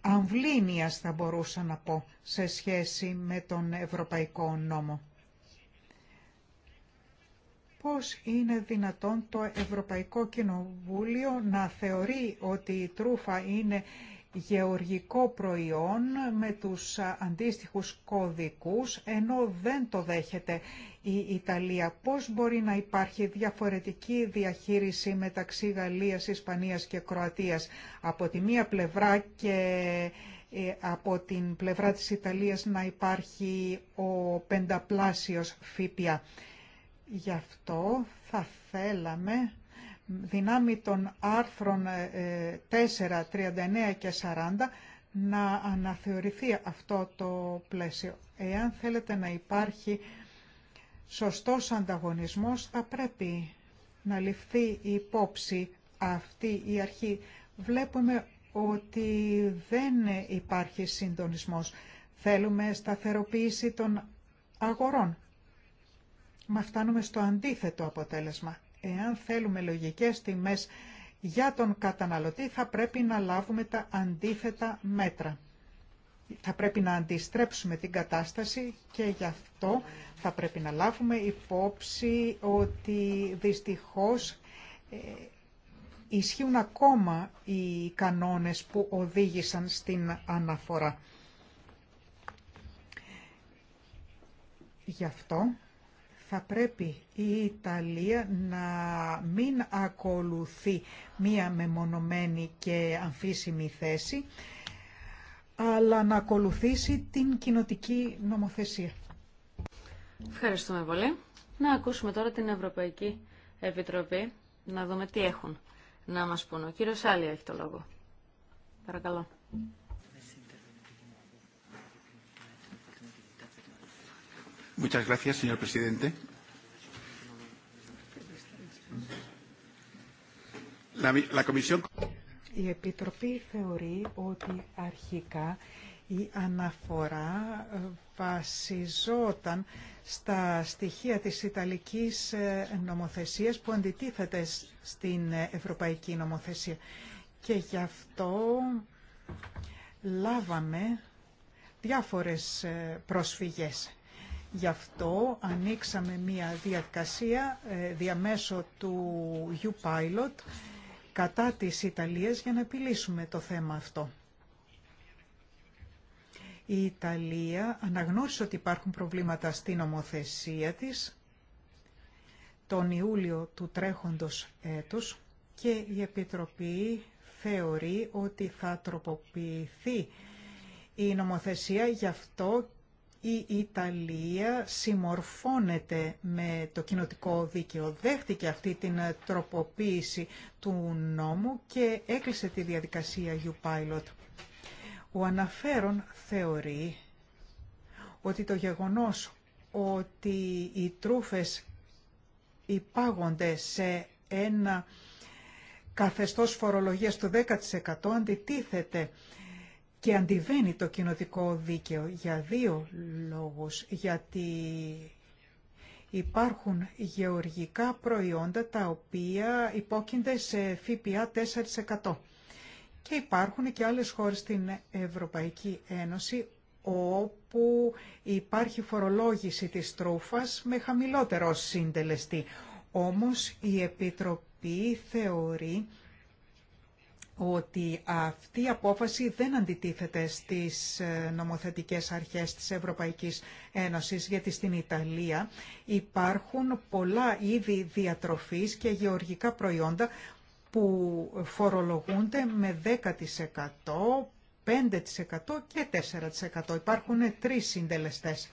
αμβλήνιας θα μπορούσα να πω σε σχέση με τον Ευρωπαϊκό νόμο. Πώς είναι δυνατόν το Ευρωπαϊκό Κοινοβούλιο να θεωρεί ότι η τρούφα είναι γεωργικό προϊόν με τους αντίστοιχους κωδικούς, ενώ δεν το δέχεται η Ιταλία. Πώς μπορεί να υπάρχει διαφορετική διαχείριση μεταξύ Γαλλίας, Ισπανίας και Κροατίας από τη μία πλευρά και ε, από την πλευρά της Ιταλίας να υπάρχει ο πενταπλάσιος ΦΠΑ. Γι' αυτό θα θέλαμε δυνάμει των άρθρων 4, ε, 39 ε, και 40 να αναθεωρηθεί αυτό το πλαίσιο. Εάν θέλετε να υπάρχει σωστός ανταγωνισμός θα πρέπει να ληφθεί υπόψη αυτή η αρχή. Βλέπουμε ότι δεν υπάρχει συντονισμός. Θέλουμε σταθεροποίηση των αγορών μα φτάνουμε στο αντίθετο αποτέλεσμα. Εάν θέλουμε λογικές τιμές για τον καταναλωτή θα πρέπει να λάβουμε τα αντίθετα μέτρα. Θα πρέπει να αντιστρέψουμε την κατάσταση και γι' αυτό θα πρέπει να λάβουμε υπόψη ότι δυστυχώς ε, ισχύουν ακόμα οι κανόνες που οδήγησαν στην αναφορά. Γι' αυτό θα πρέπει η Ιταλία να μην ακολουθεί μία μεμονωμένη και αμφίσιμη θέση, αλλά να ακολουθήσει την κοινοτική νομοθεσία. Ευχαριστούμε πολύ. Να ακούσουμε τώρα την Ευρωπαϊκή Επιτροπή, να δούμε τι έχουν να μας πούν. Ο κύριος Άλλη έχει το λόγο. Παρακαλώ. Η Επιτροπή θεωρεί ότι αρχικά η αναφορά ε, βασιζόταν στα στοιχεία της Ιταλικής ε, νομοθεσίας που αντιτίθεται στην ε, Ευρωπαϊκή νομοθεσία. Και γι' αυτό λάβαμε διάφορες προσφυγές. Γι' αυτό ανοίξαμε μία διαδικασία ε, διαμέσω του U-Pilot κατά της Ιταλίας για να επιλύσουμε το θέμα αυτό. Η Ιταλία αναγνώρισε ότι υπάρχουν προβλήματα στην νομοθεσία της τον Ιούλιο του τρέχοντος έτους και η Επιτροπή θεωρεί ότι θα τροποποιηθεί η νομοθεσία, γι' αυτό η Ιταλία συμμορφώνεται με το κοινοτικό δίκαιο, δέχτηκε αυτή την τροποποίηση του νόμου και έκλεισε τη διαδικασία U-Pilot. Ο αναφέρον θεωρεί ότι το γεγονός ότι οι τρούφες υπάγονται σε ένα καθεστώς φορολογίας του 10% αντιτίθεται και αντιβαίνει το κοινοτικό δίκαιο για δύο λόγους. Γιατί υπάρχουν γεωργικά προϊόντα τα οποία υπόκεινται σε ΦΠΑ 4%. Και υπάρχουν και άλλες χώρες στην Ευρωπαϊκή Ένωση όπου υπάρχει φορολόγηση της τρούφας με χαμηλότερο συντελεστή. Όμως η Επιτροπή θεωρεί ότι αυτή η απόφαση δεν αντιτίθεται στις ε, νομοθετικές αρχές της Ευρωπαϊκής Ένωσης, γιατί στην Ιταλία υπάρχουν πολλά είδη διατροφής και γεωργικά προϊόντα που φορολογούνται με 10%, 5% και 4%. Υπάρχουν τρεις συντελεστές.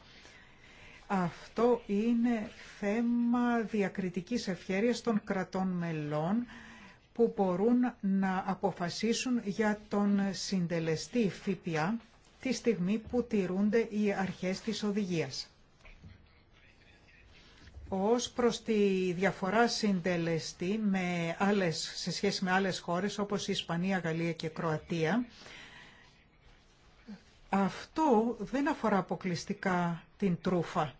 Αυτό είναι θέμα διακριτικής ευχέρειας των κρατών μελών που μπορούν να αποφασίσουν για τον συντελεστή ΦΠΑ τη στιγμή που τηρούνται οι αρχές της οδηγίας. Ως προς τη διαφορά συντελεστή με άλλες, σε σχέση με άλλες χώρες όπως η Ισπανία, Γαλλία και Κροατία, αυτό δεν αφορά αποκλειστικά την τρούφα.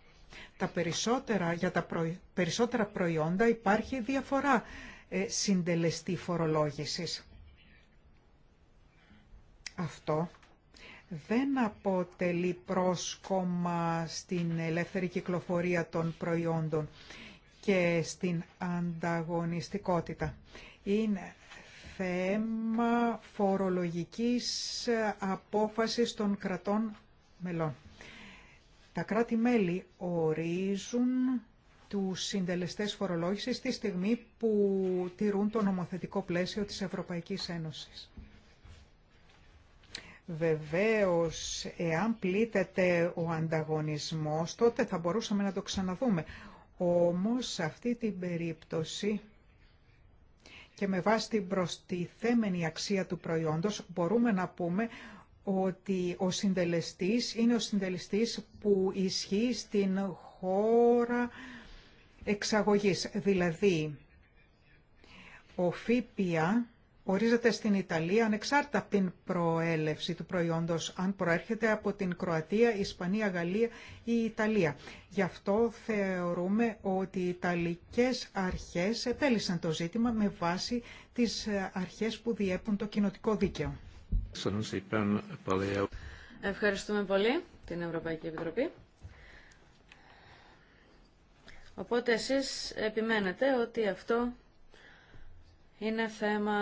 Τα περισσότερα, για τα περισσότερα προϊόντα υπάρχει διαφορά ε, συντελεστή φορολόγησης. Αυτό δεν αποτελεί πρόσκομα στην ελεύθερη κυκλοφορία των προϊόντων και στην ανταγωνιστικότητα. Είναι θέμα φορολογικής απόφασης των κρατών μελών. Τα κράτη-μέλη ορίζουν του συντελεστές φορολόγησης τη στιγμή που τηρούν το νομοθετικό πλαίσιο της Ευρωπαϊκής Ένωσης. Βεβαίως, εάν πλήττεται ο ανταγωνισμός, τότε θα μπορούσαμε να το ξαναδούμε. Όμως, σε αυτή την περίπτωση και με βάση την προστιθέμενη αξία του προϊόντος, μπορούμε να πούμε ότι ο συντελεστής είναι ο συντελεστής που ισχύει στην χώρα εξαγωγής. Δηλαδή, ο ΦΥΠΙΑ ορίζεται στην Ιταλία ανεξάρτητα από την προέλευση του προϊόντος, αν προέρχεται από την Κροατία, Ισπανία, Γαλλία ή Ιταλία. Γι' αυτό θεωρούμε ότι οι Ιταλικές αρχές επέλυσαν το ζήτημα με βάση τις αρχές που διέπουν το κοινοτικό δίκαιο. Ευχαριστούμε πολύ την Ευρωπαϊκή Επιτροπή. Οπότε εσείς επιμένετε ότι αυτό είναι θέμα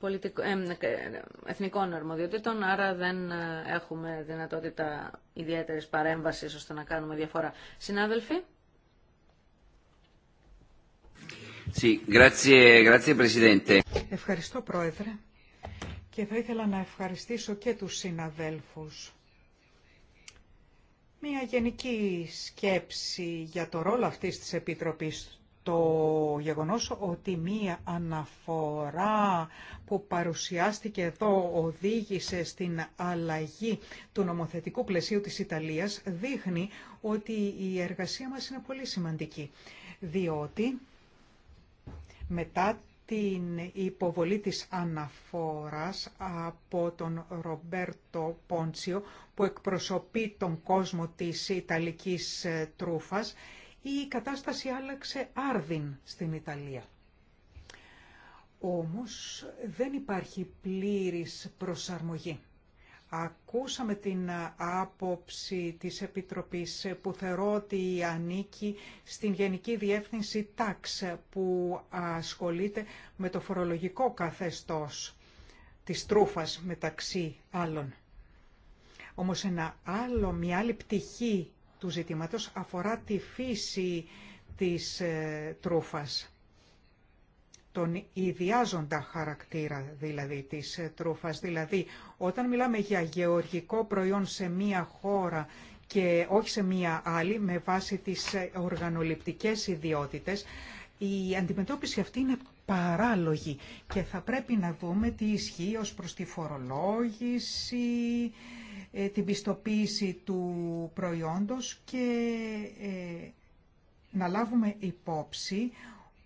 πολιτικο... Ε, εθνικών αρμοδιοτήτων, άρα δεν ε, έχουμε δυνατότητα ιδιαίτερης παρέμβασης ώστε να κάνουμε διαφορά. Συνάδελφοι. Ευχαριστώ Πρόεδρε και θα ήθελα να ευχαριστήσω και τους συναδέλφους μια γενική σκέψη για το ρόλο αυτής της Επιτροπής. Το γεγονός ότι μία αναφορά που παρουσιάστηκε εδώ οδήγησε στην αλλαγή του νομοθετικού πλαισίου της Ιταλίας δείχνει ότι η εργασία μας είναι πολύ σημαντική, διότι μετά την υποβολή της αναφόρας από τον Ρομπέρτο Πόντσιο που εκπροσωπεί τον κόσμο της Ιταλικής ε, τρούφας η κατάσταση άλλαξε άρδιν στην Ιταλία. Όμως δεν υπάρχει πλήρης προσαρμογή. Ακούσαμε την ε, άποψη της Επιτροπής ε, που θεωρώ ότι ανήκει στην Γενική Διεύθυνση ΤΑΞ ε, που ασχολείται με το φορολογικό καθεστώς της τρούφας μεταξύ άλλων. Όμως ένα άλλο, μια άλλη πτυχή του ζητήματος αφορά τη φύση της τρούφας τον ιδιάζοντα χαρακτήρα δηλαδή της τρούφας. Δηλαδή, όταν μιλάμε για γεωργικό προϊόν σε μία χώρα και όχι σε μία άλλη, με βάση τις οργανοληπτικές ιδιότητες, η αντιμετώπιση αυτή είναι παράλογη και θα πρέπει να δούμε τι ισχύει ως προς τη φορολόγηση, ε, την πιστοποίηση του προϊόντος και ε, να λάβουμε υπόψη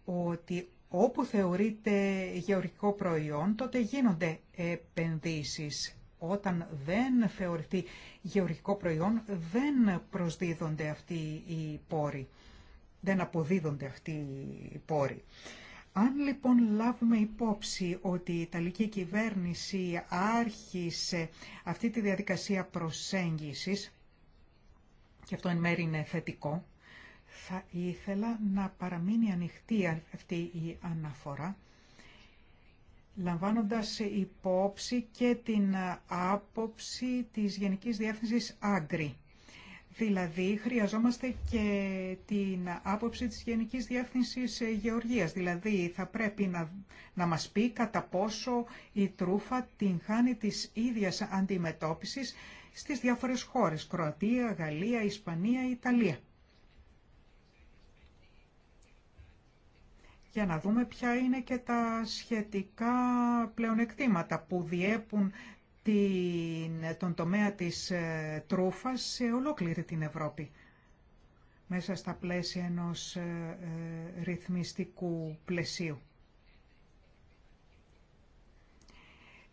ότι όπου θεωρείται γεωργικό προϊόν, τότε γίνονται επενδύσεις. Όταν δεν θεωρηθεί γεωργικό προϊόν, δεν προσδίδονται αυτοί οι πόροι. Δεν αποδίδονται αυτοί οι πόροι. Αν λοιπόν λάβουμε υπόψη ότι η Ιταλική κυβέρνηση άρχισε αυτή τη διαδικασία προσέγγισης, και αυτό εν μέρει είναι θετικό, θα ήθελα να παραμείνει ανοιχτή αυτή η αναφορά, λαμβάνοντας υπόψη και την άποψη της Γενικής Διεύθυνσης Άγκρη. Δηλαδή, χρειαζόμαστε και την άποψη της Γενικής Διεύθυνσης Γεωργίας. Δηλαδή, θα πρέπει να, να μας πει κατά πόσο η τρούφα την χάνει της ίδιας αντιμετώπισης στις διάφορες χώρες, Κροατία, Γαλλία, Ισπανία, Ιταλία. για να δούμε ποια είναι και τα σχετικά πλεονεκτήματα που διέπουν την, τον τομέα της ε, τρούφας σε ολόκληρη την Ευρώπη μέσα στα πλαίσια ενός ε, ε, ρυθμιστικού πλαισίου.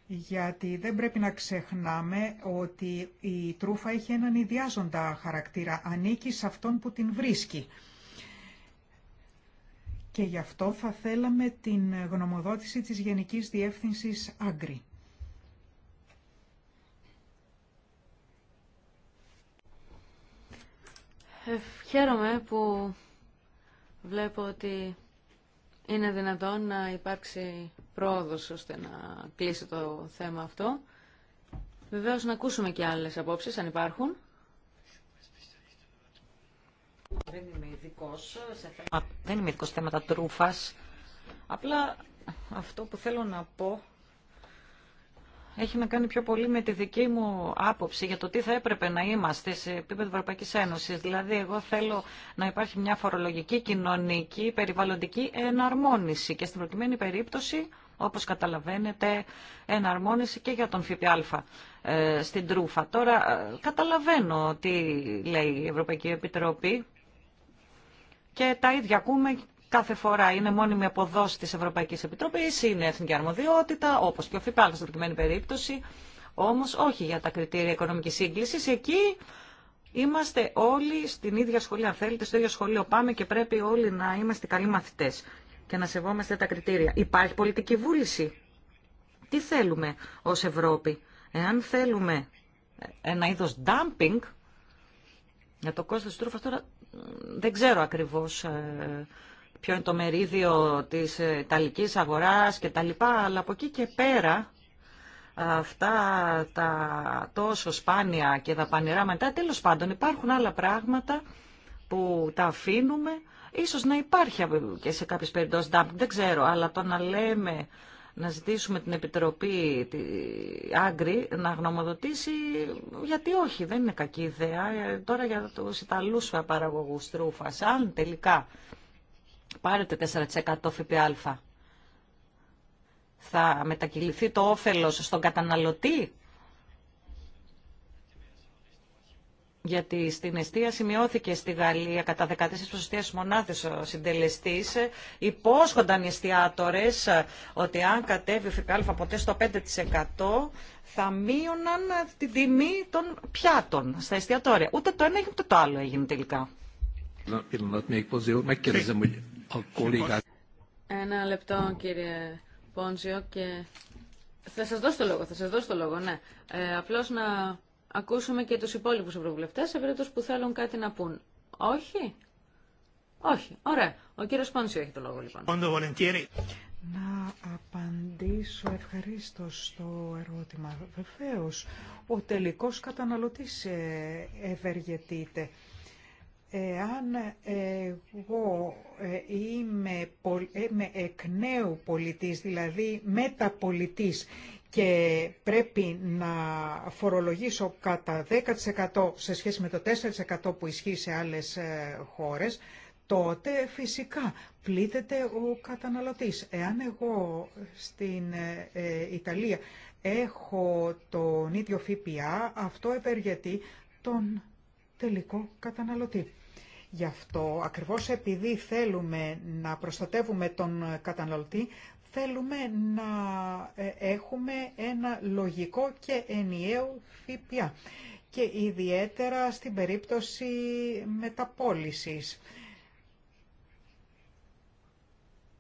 γιατί δεν πρέπει να ξεχνάμε ότι η τρούφα έχει έναν ιδιάζοντα χαρακτήρα, ανήκει σε αυτόν που την βρίσκει και γι' αυτό θα θέλαμε την γνωμοδότηση της Γενικής Διεύθυνσης Άγκρη. Ε, χαίρομαι που βλέπω ότι είναι δυνατόν να υπάρξει πρόοδος ώστε να κλείσει το θέμα αυτό. Βεβαίως να ακούσουμε και άλλες απόψεις αν υπάρχουν. Δεν είμαι ειδικό σε θέματα... Δεν είμαι ειδικός σε θέματα τρούφας. Απλά αυτό που θέλω να πω έχει να κάνει πιο πολύ με τη δική μου άποψη για το τι θα έπρεπε να είμαστε σε επίπεδο Ευρωπαϊκή Ένωση. Δηλαδή, εγώ θέλω να υπάρχει μια φορολογική, κοινωνική, περιβαλλοντική εναρμόνιση και στην προκειμένη περίπτωση, όπω καταλαβαίνετε, εναρμόνιση και για τον ΦΠΑ ε, στην τρούφα. Τώρα, ε, καταλαβαίνω τι λέει η Ευρωπαϊκή Επιτροπή και τα ίδια ακούμε κάθε φορά. Είναι μόνιμη αποδόση τη Ευρωπαϊκή Επιτροπή, είναι εθνική αρμοδιότητα, όπω και ο ΦΥΠΑ, στην προκειμένη περίπτωση, Όμω όχι για τα κριτήρια οικονομική σύγκληση. Εκεί είμαστε όλοι στην ίδια σχολή, αν θέλετε, στο ίδιο σχολείο πάμε και πρέπει όλοι να είμαστε καλοί μαθητέ και να σεβόμαστε τα κριτήρια. Υπάρχει πολιτική βούληση. Τι θέλουμε ω Ευρώπη. Εάν θέλουμε ένα είδο dumping, για το κόστος της τρούφα τώρα δεν ξέρω ακριβώς ε, ποιο είναι το μερίδιο της Ιταλικής αγοράς και τα λοιπά, αλλά από εκεί και πέρα αυτά τα τόσο σπάνια και δαπανηρά μετά, τέλος πάντων υπάρχουν άλλα πράγματα που τα αφήνουμε, ίσως να υπάρχει και σε κάποιες περιπτώσεις, δεν ξέρω, αλλά το να λέμε να ζητήσουμε την Επιτροπή τη Άγκρη να γνωμοδοτήσει, γιατί όχι, δεν είναι κακή ιδέα. Ε, τώρα για τους Ιταλούς παραγωγούς τρούφας, αν τελικά πάρετε 4% ΦΠΑ, θα μετακυληθεί το όφελος στον καταναλωτή γιατί στην αιστεία σημειώθηκε στη Γαλλία κατά 14 μονάδε μονάδες ο συντελεστής. Υπόσχονταν οι εστιατόρες ότι αν κατέβει ο ΦΠΑ ποτέ στο 5% θα μείωναν την τιμή των πιάτων στα εστιατόρια. Ούτε το ένα έγινε ούτε το άλλο έγινε τελικά. Ένα λεπτό κύριε Πόντζιο και θα σας δώσω το λόγο, θα σας δώσω το λόγο, ναι. Ε, απλώς να ακούσουμε και τους υπόλοιπους ευρωβουλευτές σε περίπτωση που θέλουν κάτι να πούν. Όχι. Όχι. Ωραία. Ο κύριος Πόνσιο έχει το λόγο λοιπόν. Να απαντήσω ευχαρίστω στο ερώτημα. Βεβαίως, ο τελικός καταναλωτής ε, ευεργετείται. Εάν εγώ ε, είμαι εκ νέου πολιτής, δηλαδή μεταπολιτής και πρέπει να φορολογήσω κατά 10% σε σχέση με το 4% που ισχύει σε άλλες ε, χώρες, τότε φυσικά πλήττεται ο καταναλωτής. Εάν εγώ στην ε, ε, Ιταλία έχω τον ίδιο ΦΠΑ, αυτό επεργετεί τον τελικό καταναλωτή. Γι' αυτό, ακριβώς επειδή θέλουμε να προστατεύουμε τον καταναλωτή, Θέλουμε να ε, έχουμε ένα λογικό και ενιαίο ΦΠΑ και ιδιαίτερα στην περίπτωση μεταπόλησης.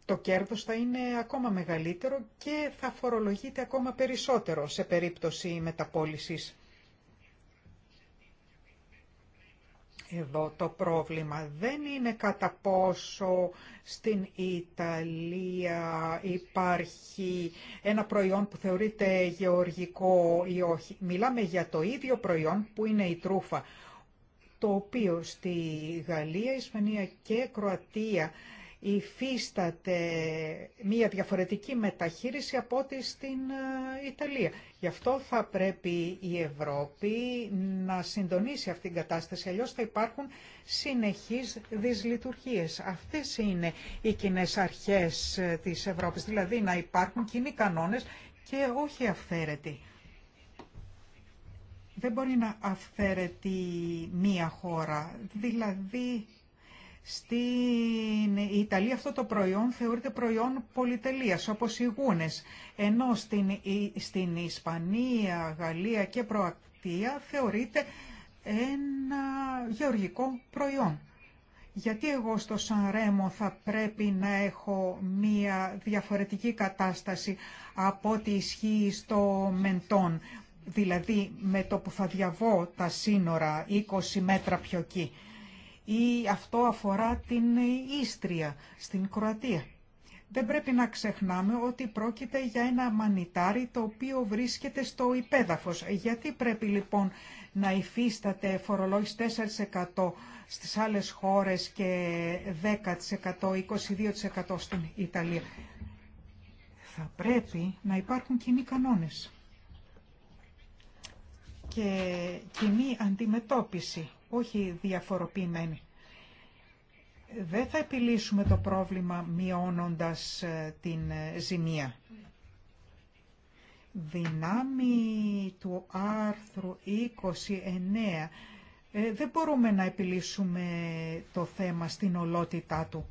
Το κέρδος θα είναι ακόμα μεγαλύτερο και θα φορολογείται ακόμα περισσότερο σε περίπτωση μεταπόλησης. εδώ το πρόβλημα. Δεν είναι κατά πόσο στην Ιταλία υπάρχει ένα προϊόν που θεωρείται γεωργικό ή όχι. Μιλάμε για το ίδιο προϊόν που είναι η τρούφα, το οποίο στη Γαλλία, Ισπανία και Κροατία υφίσταται μία διαφορετική μεταχείριση από ό,τι στην ε, Ιταλία. Γι' αυτό θα πρέπει η Ευρώπη να συντονίσει αυτή την κατάσταση, αλλιώς θα υπάρχουν συνεχείς δυσλειτουργίες. Αυτές είναι οι κοινέ αρχές ε, της Ευρώπης, δηλαδή να υπάρχουν κοινοί κανόνες και όχι αυθαίρετοι. Δεν μπορεί να αυθαίρεται μία χώρα, δηλαδή στην Ιταλία αυτό το προϊόν θεωρείται προϊόν πολυτελείας, όπως οι γούνες, ενώ στην, στην Ισπανία, Γαλλία και Προακτία θεωρείται ένα γεωργικό προϊόν. Γιατί εγώ στο Σανρέμο θα πρέπει να έχω μία διαφορετική κατάσταση από ό,τι ισχύει στο Μεντόν, δηλαδή με το που θα διαβώ τα σύνορα 20 μέτρα πιο εκεί ή αυτό αφορά την Ίστρια στην Κροατία. Δεν πρέπει να ξεχνάμε ότι πρόκειται για ένα μανιτάρι το οποίο βρίσκεται στο υπέδαφος. Γιατί πρέπει λοιπόν να υφίσταται φορολόγηση 4% στις άλλες χώρες και 10%, 22% στην Ιταλία. Θα πρέπει να υπάρχουν κοινοί κανόνες και κοινή αντιμετώπιση όχι διαφοροποιημένη. Δεν θα επιλύσουμε το πρόβλημα μειώνοντας ε, την ε, ζημία. Δυνάμει του άρθρου 29 ε, δεν μπορούμε να επιλύσουμε το θέμα στην ολότητά του.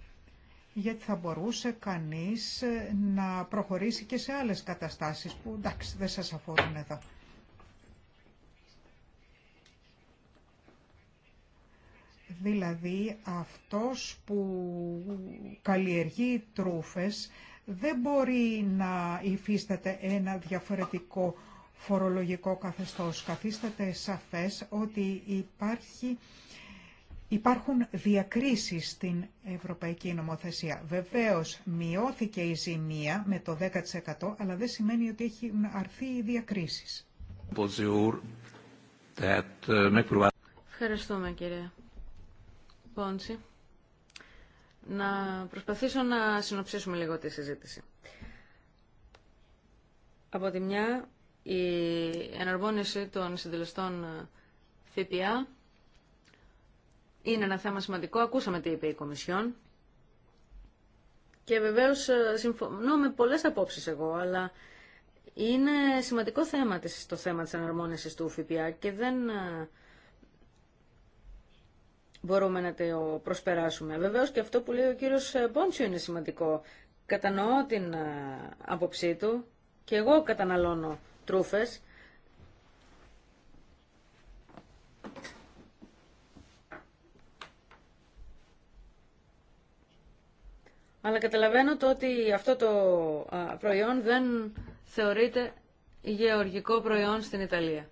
Γιατί θα μπορούσε κανείς ε, να προχωρήσει και σε άλλες καταστάσεις που εντάξει δεν σας αφορούν εδώ. Δηλαδή αυτός που καλλιεργεί τρούφες δεν μπορεί να υφίσταται ένα διαφορετικό φορολογικό καθεστώς. Καθίσταται σαφές ότι υπάρχει, υπάρχουν διακρίσεις στην Ευρωπαϊκή Νομοθεσία. Βεβαίως μειώθηκε η ζημία με το 10% αλλά δεν σημαίνει ότι έχουν αρθεί οι διακρίσεις. Ευχαριστούμε κύριε να προσπαθήσω να συνοψίσουμε λίγο τη συζήτηση. Από τη μια, η εναρμόνιση των συντελεστών ε, ΦΠΑ είναι ένα θέμα σημαντικό. Ακούσαμε τι είπε η Κομισιόν. Και βεβαίως ε, συμφωνώ με πολλές απόψεις εγώ, αλλά είναι σημαντικό θέμα το θέμα της εναρμόνισης του ΦΠΑ και δεν ε, μπορούμε να το προσπεράσουμε. Βεβαίω, και αυτό που λέει ο κύριο Μπόντσιο είναι σημαντικό. Κατανοώ την άποψή του και εγώ καταναλώνω τρούφες. Αλλά καταλαβαίνω το ότι αυτό το προϊόν δεν θεωρείται γεωργικό προϊόν στην Ιταλία.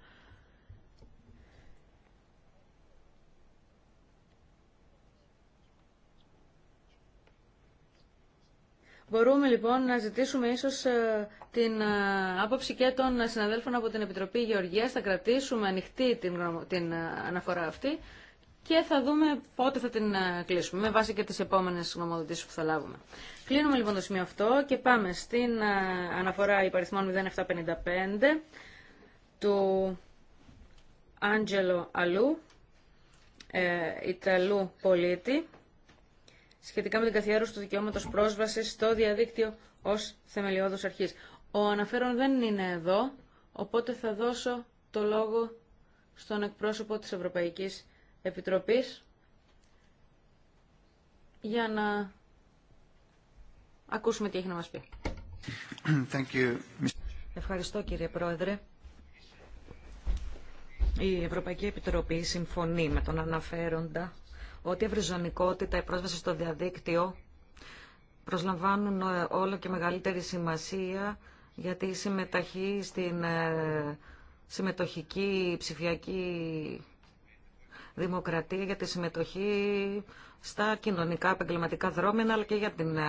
Μπορούμε λοιπόν να ζητήσουμε ίσως ε, την ε, άποψη και των συναδέλφων από την Επιτροπή Γεωργίας. Θα κρατήσουμε ανοιχτή την ε, αναφορά αυτή και θα δούμε πότε θα την κλείσουμε, με βάση και τις επόμενες γνωμοδοτήσεις που θα λάβουμε. Κλείνουμε λοιπόν το σημείο αυτό και πάμε στην αναφορά υπαριθμών 0755 του Άντζελο Αλού, Ιταλού πολίτη, σχετικά με την καθιέρωση του δικαιώματο πρόσβασης στο διαδίκτυο ως θεμελιώδους αρχής. Ο αναφέρον δεν είναι εδώ, οπότε θα δώσω το λόγο στον εκπρόσωπο της Ευρωπαϊκής Επιτροπής για να ακούσουμε τι έχει να μας πει. Thank you. Ευχαριστώ κύριε Πρόεδρε. Η Ευρωπαϊκή Επιτροπή συμφωνεί με τον αναφέροντα ότι η ευρυζωνικότητα, η πρόσβαση στο διαδίκτυο προσλαμβάνουν ε, όλο και μεγαλύτερη σημασία γιατί συμμετοχή στην ε, συμμετοχική ψηφιακή δημοκρατία για τη συμμετοχή στα κοινωνικά επαγγελματικά δρόμενα, αλλά και για την ε,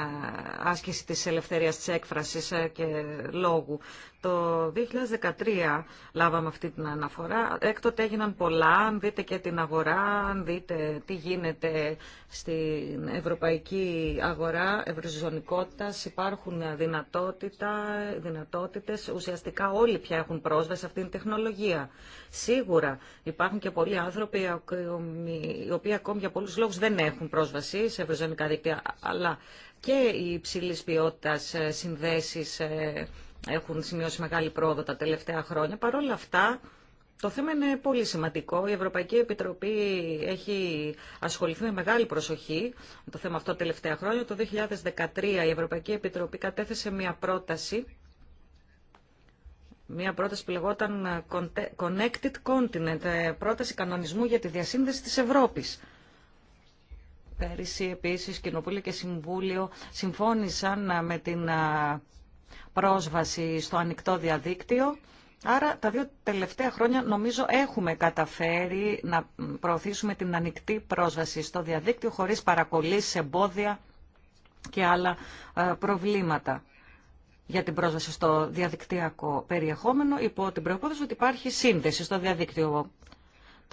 άσκηση της ελευθερίας της έκφρασης ε, και λόγου. Το 2013 λάβαμε αυτή την αναφορά. Έκτοτε έγιναν πολλά, αν δείτε και την αγορά, αν δείτε τι γίνεται στην ευρωπαϊκή αγορά ευρωζωνικότητας, υπάρχουν δυνατότητα, δυνατότητες, ουσιαστικά όλοι πια έχουν πρόσβαση σε αυτήν την τεχνολογία. Σίγουρα υπάρχουν και πολλοί άνθρωποι οι οποίοι ακόμη για πολλούς λόγους δεν έχουν έχουν πρόσβαση σε ευρωζωνικά δίκτυα, αλλά και οι υψηλή ποιότητα ε, συνδέσει ε, έχουν σημειώσει μεγάλη πρόοδο τα τελευταία χρόνια. Παρ' όλα αυτά, το θέμα είναι πολύ σημαντικό. Η Ευρωπαϊκή Επιτροπή έχει ασχοληθεί με μεγάλη προσοχή με το θέμα αυτό τα τελευταία χρόνια. Το 2013 η Ευρωπαϊκή Επιτροπή κατέθεσε μια πρόταση Μία πρόταση που λεγόταν Connected Continent, ε, πρόταση κανονισμού για τη διασύνδεση της Ευρώπης. Πέρυσι επίσης Κοινοβούλιο και Συμβούλιο συμφώνησαν με την πρόσβαση στο ανοιχτό διαδίκτυο. Άρα τα δύο τελευταία χρόνια νομίζω έχουμε καταφέρει να προωθήσουμε την ανοιχτή πρόσβαση στο διαδίκτυο χωρίς παρακολήσεις, εμπόδια και άλλα προβλήματα για την πρόσβαση στο διαδικτυακό περιεχόμενο υπό την προπόθεση ότι υπάρχει σύνδεση στο διαδίκτυο.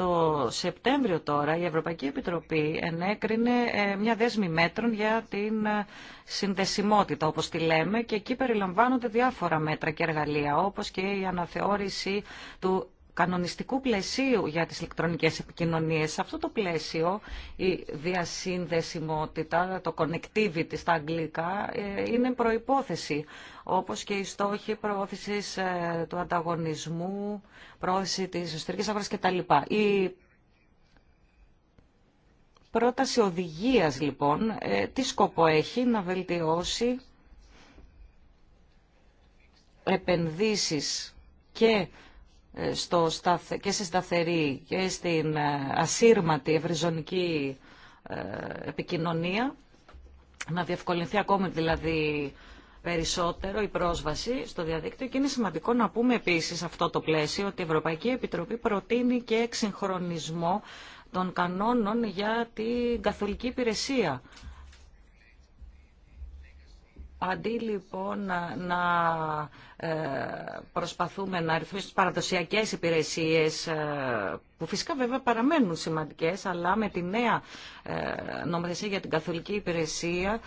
Το Σεπτέμβριο τώρα η Ευρωπαϊκή Επιτροπή ενέκρινε ε, μια δέσμη μέτρων για την ε, συνδεσιμότητα όπως τη λέμε και εκεί περιλαμβάνονται διάφορα μέτρα και εργαλεία όπως και η αναθεώρηση του κανονιστικού πλαισίου για τις ηλεκτρονικές επικοινωνίες. Σε αυτό το πλαίσιο η διασύνδεσιμότητα, το connectivity στα αγγλικά, ε, είναι προϋπόθεση, όπως και οι στόχοι προώθησης ε, του ανταγωνισμού, προώθηση της εσωτερικής αγοράς κτλ. Η πρόταση οδηγίας, λοιπόν, ε, τι σκοπό έχει να βελτιώσει επενδύσεις και στο, και στη σταθερή και στην ε, ασύρματη ευρυζωνική ε, επικοινωνία, να διευκολυνθεί ακόμη δηλαδή περισσότερο η πρόσβαση στο διαδίκτυο και είναι σημαντικό να πούμε επίσης αυτό το πλαίσιο ότι η Ευρωπαϊκή Επιτροπή προτείνει και εξυγχρονισμό των κανόνων για την καθολική υπηρεσία Αντί λοιπόν να ε, προσπαθούμε να ρυθμίσουμε τις παραδοσιακές υπηρεσίες ε, που φυσικά βέβαια παραμένουν σημαντικές αλλά με τη νέα ε, νομοθεσία για την καθολική υπηρεσία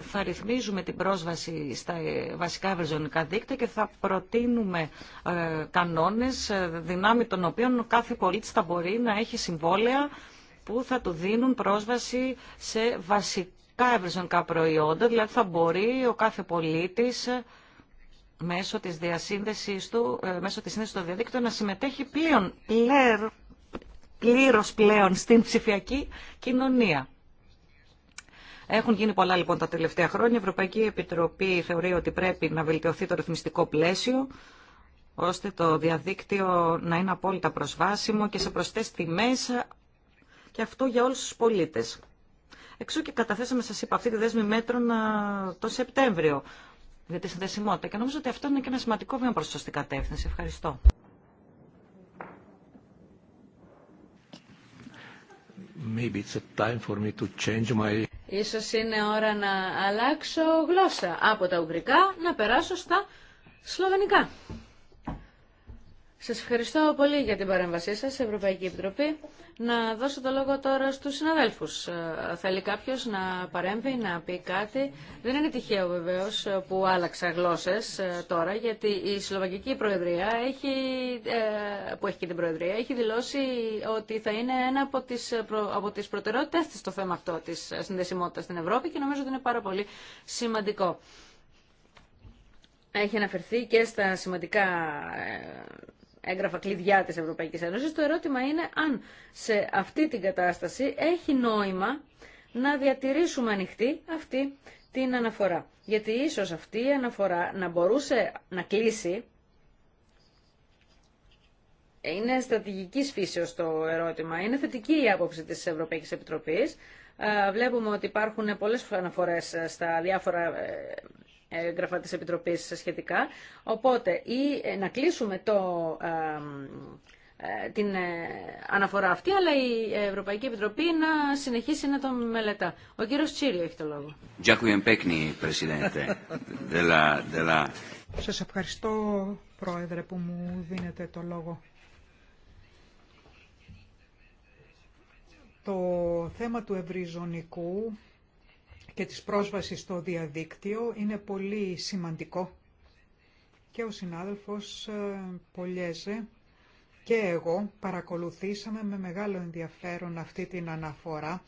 θα ρυθμίζουμε την πρόσβαση στα βασικά ευρωζωνικά δίκτυα και θα προτείνουμε κανόνες δυνάμει των οποίων κάθε πολίτης θα μπορεί να έχει συμβόλαια που θα του δίνουν πρόσβαση σε βασικά ευρυζωνικά προϊόντα, δηλαδή θα μπορεί ο κάθε πολίτης ε, μέσω της διασύνδεσης του, ε, μέσω της σύνδεσης στο διαδίκτυο να συμμετέχει πλέον, πλέον, πλήρως πλέον στην ψηφιακή κοινωνία. Έχουν γίνει πολλά λοιπόν τα τελευταία χρόνια. Η Ευρωπαϊκή Επιτροπή θεωρεί ότι πρέπει να βελτιωθεί το ρυθμιστικό πλαίσιο ώστε το διαδίκτυο να είναι απόλυτα προσβάσιμο και σε προσθέσεις τιμές και αυτό για όλους τους πολίτες. Εξού και καταθέσαμε, σα είπα, αυτή τη δέσμη μέτρων το Σεπτέμβριο για τη συνδεσιμότητα. Και νομίζω ότι αυτό είναι και ένα σημαντικό βήμα προ τη σωστή κατεύθυνση. Ευχαριστώ. Maybe it's a time for me to change my... Ίσως είναι ώρα να αλλάξω γλώσσα από τα ουγγρικά να περάσω στα σλοβενικά. Σας ευχαριστώ πολύ για την παρέμβασή σας, Ευρωπαϊκή Επιτροπή. Να δώσω το λόγο τώρα στους συναδέλφους. Ε, θέλει κάποιος να παρέμβει, να πει κάτι. Δεν είναι τυχαίο βεβαίως που άλλαξα γλώσσες ε, τώρα, γιατί η Σλοβακική Προεδρία έχει, ε, που έχει και την Προεδρία έχει δηλώσει ότι θα είναι ένα από τις, από τις προτεραιότητες της το θέμα αυτό της συνδεσιμότητας στην Ευρώπη και νομίζω ότι είναι πάρα πολύ σημαντικό. Έχει αναφερθεί και στα σημαντικά έγγραφα κλειδιά της Ευρωπαϊκής Ένωσης. Το ερώτημα είναι αν σε αυτή την κατάσταση έχει νόημα να διατηρήσουμε ανοιχτή αυτή την αναφορά. Γιατί ίσως αυτή η αναφορά να μπορούσε να κλείσει είναι στρατηγικής φύσεως το ερώτημα. Είναι θετική η άποψη της Ευρωπαϊκής Επιτροπής. Βλέπουμε ότι υπάρχουν πολλές αναφορές ε, στα διάφορα ε, έγγραφα ε, της Επιτροπής σχετικά. Οπότε, ή ε, να κλείσουμε το, ε, την αναφορά αυτή, αλλά η Ευρωπαϊκή Επιτροπή να συνεχίσει να το μελετά. Ο κύριος Τσίριο έχει το λόγο. Σας ευχαριστώ, Πρόεδρε, που μου δίνετε το λόγο. Το θέμα του ευρυζωνικού και της πρόσβασης στο διαδίκτυο είναι πολύ σημαντικό. Και ο συνάδελφος ε, Πολιέζε και εγώ παρακολουθήσαμε με μεγάλο ενδιαφέρον αυτή την αναφορά,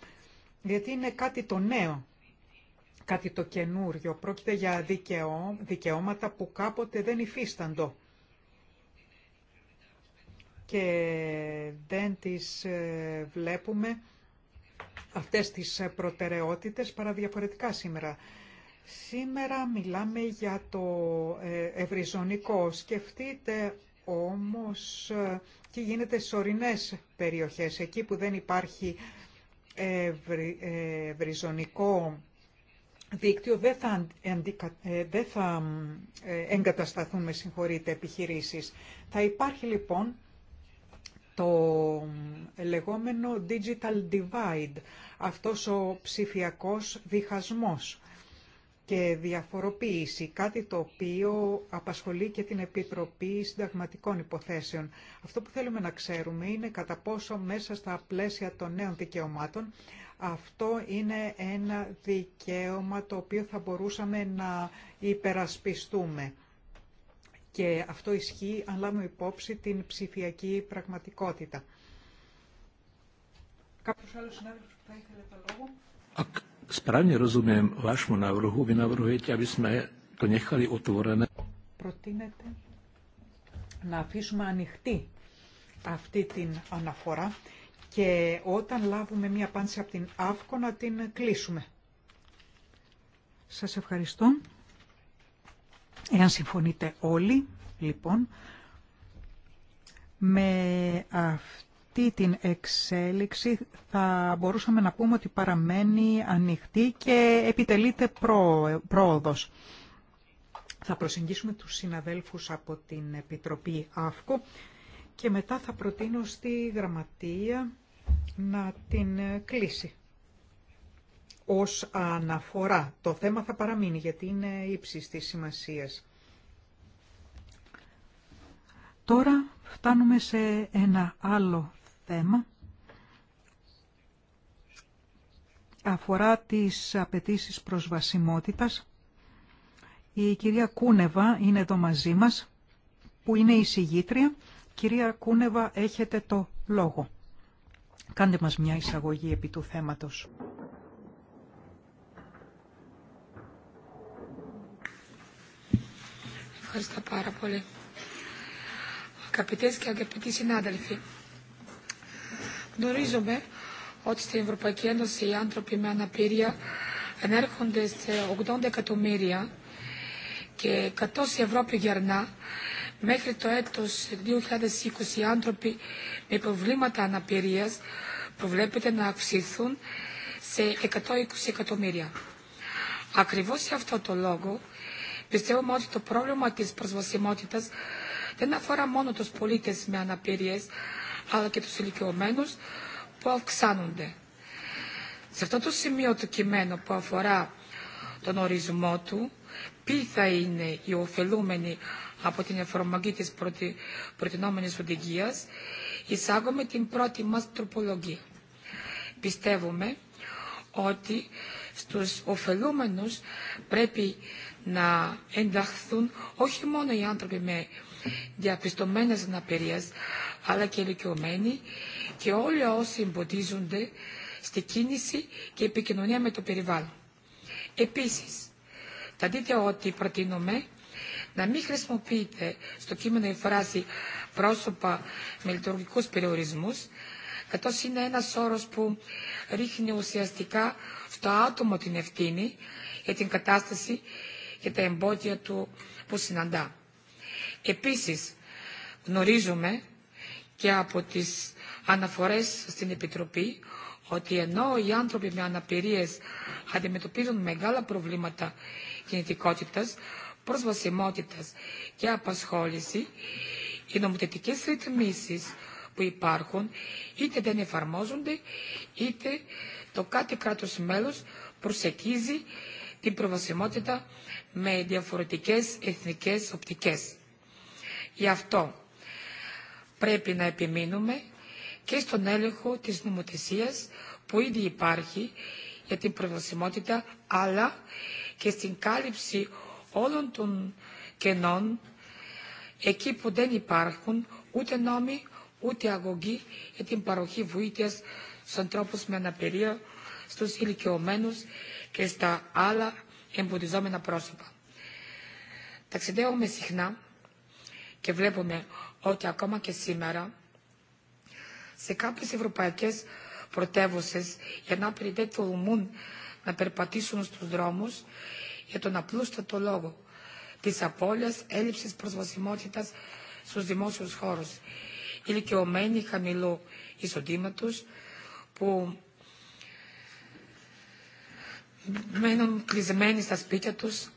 γιατί είναι κάτι το νέο, κάτι το καινούριο. Πρόκειται για δικαιώματα που κάποτε δεν υφίσταντο και δεν τις ε, βλέπουμε αυτές τις ε, προτεραιότητες παραδιαφορετικά σήμερα. Σήμερα μιλάμε για το ε, ευρυζωνικό. Σκεφτείτε όμως ε, τι γίνεται στις ορεινές περιοχές, εκεί που δεν υπάρχει ευρυζωνικό δίκτυο, δεν θα, αντικα, δεν θα εγκατασταθούν, με επιχειρήσεις. Θα υπάρχει λοιπόν το λεγόμενο digital divide, αυτός ο ψηφιακός διχασμός και διαφοροποίηση, κάτι το οποίο απασχολεί και την Επιτροπή Συνταγματικών Υποθέσεων. Αυτό που θέλουμε να ξέρουμε είναι κατά πόσο μέσα στα πλαίσια των νέων δικαιωμάτων αυτό είναι ένα δικαίωμα το οποίο θα μπορούσαμε να υπερασπιστούμε και αυτό ισχύει αν λάβουμε υπόψη την ψηφιακή πραγματικότητα. Κάποιος άλλος συνάδελφος που θα ήθελε το λόγο. Ak να αφήσουμε ανοιχτή αυτή την αναφορά και όταν λάβουμε μία απάντηση από την ΑΦΚΟ να την κλείσουμε. Σας ευχαριστώ. Εάν συμφωνείτε όλοι, λοιπόν, με αυτή την εξέλιξη θα μπορούσαμε να πούμε ότι παραμένει ανοιχτή και επιτελείται πρόοδος. Θα προσεγγίσουμε τους συναδέλφους από την Επιτροπή ΑΦΚΟ και μετά θα προτείνω στη Γραμματεία να την κλείσει ως αναφορά. Το θέμα θα παραμείνει γιατί είναι ύψης της σημασίας. Τώρα φτάνουμε σε ένα άλλο θέμα. Αφορά τις απαιτήσει προσβασιμότητας. Η κυρία Κούνεβα είναι εδώ μαζί μας, που είναι η συγγήτρια. Κυρία Κούνεβα, έχετε το λόγο. Κάντε μας μια εισαγωγή επί του θέματος. Ευχαριστώ πάρα πολύ. Αγαπητές και αγαπητοί συνάδελφοι, γνωρίζουμε ότι στην Ευρωπαϊκή Ένωση οι άνθρωποι με αναπηρία ενέρχονται σε 80 εκατομμύρια και καθώς η Ευρώπη γερνά, μέχρι το έτος 2020 οι άνθρωποι με προβλήματα αναπηρίας προβλέπεται να αυξηθούν σε 120 εκατομμύρια. Ακριβώς σε αυτό το λόγο Πιστεύω ότι το πρόβλημα της προσβασιμότητας δεν αφορά μόνο τους πολίτες με αναπηρίες, αλλά και τους ηλικιωμένους που αυξάνονται. Σε αυτό το σημείο του κειμένου που αφορά τον ορισμό του, ποιοι θα είναι οι ωφελούμενοι από την εφαρμογή της προτι... προτινόμενης οδηγίας, εισάγουμε την πρώτη μας τροπολογία. Πιστεύουμε ότι στους ωφελούμενους πρέπει να ενταχθούν όχι μόνο οι άνθρωποι με διαπιστωμένες αναπηρίες, αλλά και ηλικιωμένοι και όλοι όσοι εμποδίζονται στη κίνηση και επικοινωνία με το περιβάλλον. Επίσης, θα δείτε ότι προτείνουμε να μην χρησιμοποιείτε στο κείμενο η φράση πρόσωπα με λειτουργικού περιορισμού, καθώ είναι ένα όρο που ρίχνει ουσιαστικά στο άτομο την ευθύνη για την κατάσταση και τα εμπόδια του που συναντά. Επίσης, γνωρίζουμε και από τις αναφορές στην Επιτροπή ότι ενώ οι άνθρωποι με αναπηρίες αντιμετωπίζουν μεγάλα προβλήματα κινητικότητας, προσβασιμότητας και απασχόληση, οι νομοθετικές ρυθμίσεις που υπάρχουν είτε δεν εφαρμόζονται, είτε το κάτι κράτος μέλος προσεκίζει την προβασιμότητα με διαφορετικές εθνικές οπτικές. Γι' αυτό πρέπει να επιμείνουμε και στον έλεγχο της νομοθεσίας που ήδη υπάρχει για την προβασιμότητα, αλλά και στην κάλυψη όλων των κενών εκεί που δεν υπάρχουν ούτε νόμοι ούτε αγωγή για την παροχή βοήθειας στους ανθρώπους με αναπηρία, στους ηλικιωμένους και στα άλλα εμποδιζόμενα πρόσωπα. Ταξιδεύουμε συχνά και βλέπουμε ότι ακόμα και σήμερα σε κάποιες ευρωπαϊκές πρωτεύουσες για να δεν τολμούν να περπατήσουν στους δρόμους για τον απλούστατο λόγο της απώλειας έλλειψης προσβασιμότητας στους δημόσιους χώρους, ηλικιωμένοι χαμηλού εισοδήματο, που μένουν κλεισμένοι στα σπίτια τους,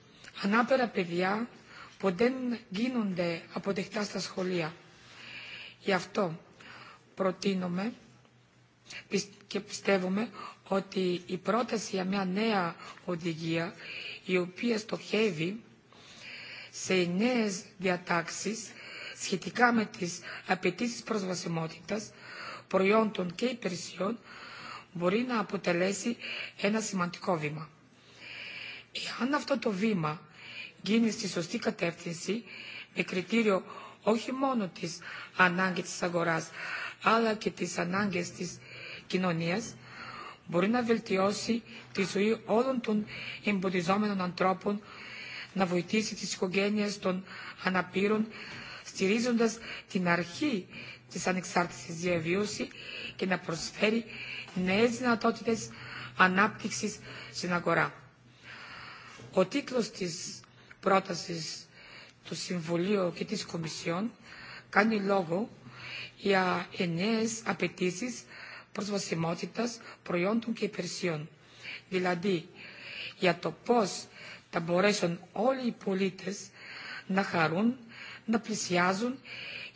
ανάπερα παιδιά που δεν γίνονται αποτεχτά στα σχολεία. Γι' αυτό προτείνουμε και πιστεύουμε ότι η πρόταση για μια νέα οδηγία η οποία στοχεύει σε νέες διατάξεις σχετικά με τις απαιτήσει προσβασιμότητας προϊόντων και υπηρεσιών μπορεί να αποτελέσει ένα σημαντικό βήμα. Εάν αυτό το βήμα γίνει στη σωστή κατεύθυνση, με κριτήριο όχι μόνο της ανάγκης της αγοράς, αλλά και της ανάγκης της κοινωνίας, μπορεί να βελτιώσει τη ζωή όλων των εμποδιζόμενων ανθρώπων, να βοηθήσει τις οικογένειες των αναπήρων, στηρίζοντας την αρχή της ανεξάρτησης διαβίωση και να προσφέρει νέες δυνατότητες ανάπτυξης στην αγορά. Ο τίτλος της πρότασης του Συμβουλίου και της Κομισιόν κάνει λόγο για εννέες απαιτήσει προσβασιμότητας προϊόντων και υπηρεσιών. Δηλαδή, για το πώς θα μπορέσουν όλοι οι πολίτες να χαρούν, να πλησιάζουν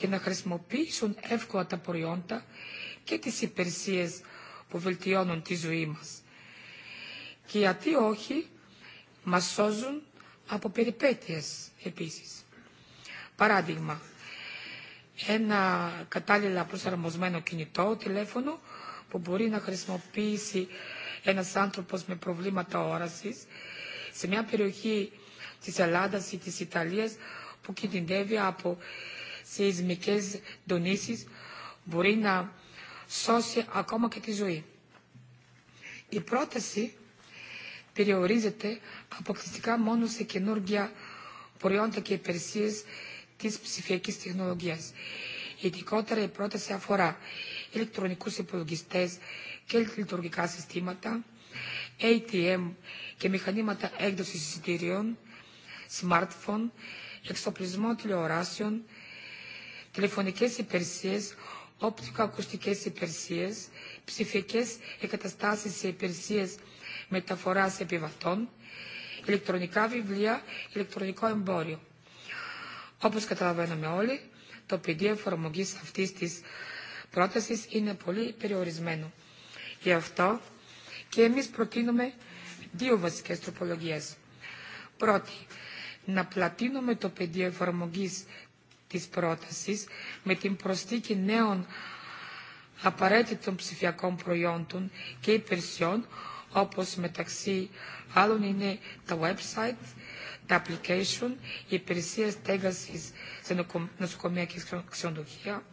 και να χρησιμοποιήσουν εύκολα τα προϊόντα και τις υπηρεσίες που βελτιώνουν τη ζωή μας. Και γιατί όχι, μας σώζουν από περιπέτειες επίσης. Παράδειγμα, ένα κατάλληλα προσαρμοσμένο κινητό τηλέφωνο που μπορεί να χρησιμοποιήσει ένας άνθρωπος με προβλήματα όρασης σε μια περιοχή της Ελλάδας ή της Ιταλίας που κινδυνεύει από σεισμικές δονήσεις μπορεί να σώσει ακόμα και τη ζωή. Η πρόταση περιορίζεται αποκλειστικά μόνο σε καινούργια προϊόντα και υπηρεσίες της ψηφιακής τεχνολογίας. Ειδικότερα η πρόταση αφορά ηλεκτρονικούς υπολογιστές και λειτουργικά συστήματα, ATM και μηχανήματα έκδοσης εισιτήριων, smartphone, εξοπλισμό τηλεοράσεων, τηλεφωνικές υπηρεσίες, οπτικοακουστικές υπηρεσίες, ψηφιακές εγκαταστάσεις σε υπηρεσίες μεταφοράς επιβατών, ηλεκτρονικά βιβλία, ηλεκτρονικό εμπόριο. Όπως καταλαβαίνουμε όλοι, το πεδίο εφαρμογή αυτή τη πρόταση είναι πολύ περιορισμένο. Γι' αυτό και εμείς προτείνουμε δύο βασικές τροπολογίες. Πρώτη, να πλατείνουμε το πεδίο εφαρμογή της πρότασης με την προσθήκη νέων απαραίτητων ψηφιακών προϊόντων και υπηρεσιών, όπως μεταξύ άλλων είναι τα website, τα application, οι υπηρεσίες στέγασης σε νοσοκομεία και ξενοδοχεία,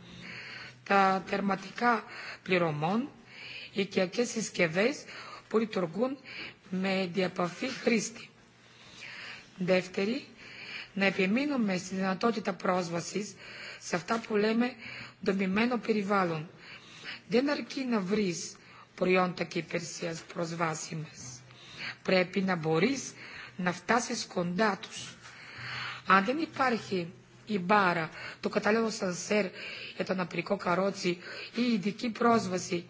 τα τερματικά πληρωμών, οι οικιακές συσκευές που λειτουργούν με διαπαφή χρήστη. Δεύτερη, να επιμείνουμε στη δυνατότητα πρόσβασης σε αυτά που λέμε δομημένο περιβάλλον. Δεν αρκεί να βρεις προϊόντα και υπηρεσίες προσβάσιμες. Πρέπει να μπορείς να φτάσεις κοντά τους. Αν δεν υπάρχει η μπάρα, το κατάλληλο σανσέρ για τον απρικό καρότσι ή η ειδική πρόσβαση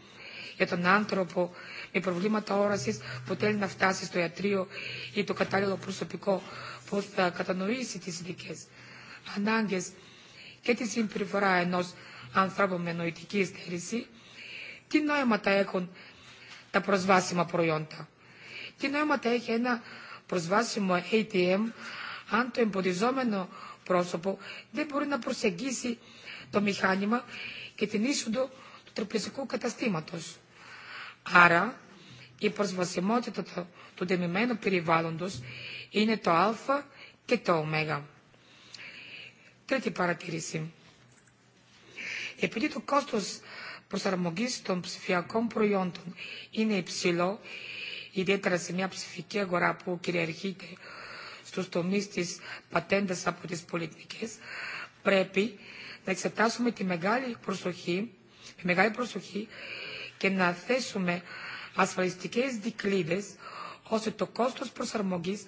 για τον άνθρωπο με προβλήματα όρασης που θέλει να φτάσει στο ιατρείο ή το κατάλληλο προσωπικό πώς θα κατανοήσει τις δικές ανάγκες και τη συμπεριφορά ενός ανθρώπου με νοητική στέρηση, τι νόηματα έχουν τα προσβάσιμα προϊόντα. Τι νόηματα έχει ένα προσβάσιμο ATM αν το εμποδιζόμενο πρόσωπο δεν μπορεί να προσεγγίσει το μηχάνημα και την είσοδο του τραπεζικού καταστήματος. Άρα, η προσβασιμότητα του δεμημένου περιβάλλοντος είναι το α και το ω. Τρίτη παρατήρηση. Επειδή το κόστος προσαρμογής των ψηφιακών προϊόντων είναι υψηλό, ιδιαίτερα σε μια ψηφική αγορά που κυριαρχείται στους τομείς της πατέντας από τις πολιτικές, πρέπει να εξετάσουμε τη μεγάλη προσοχή, τη μεγάλη προσοχή και να θέσουμε ασφαλιστικές δικλείδες ώστε το κόστος προσαρμογής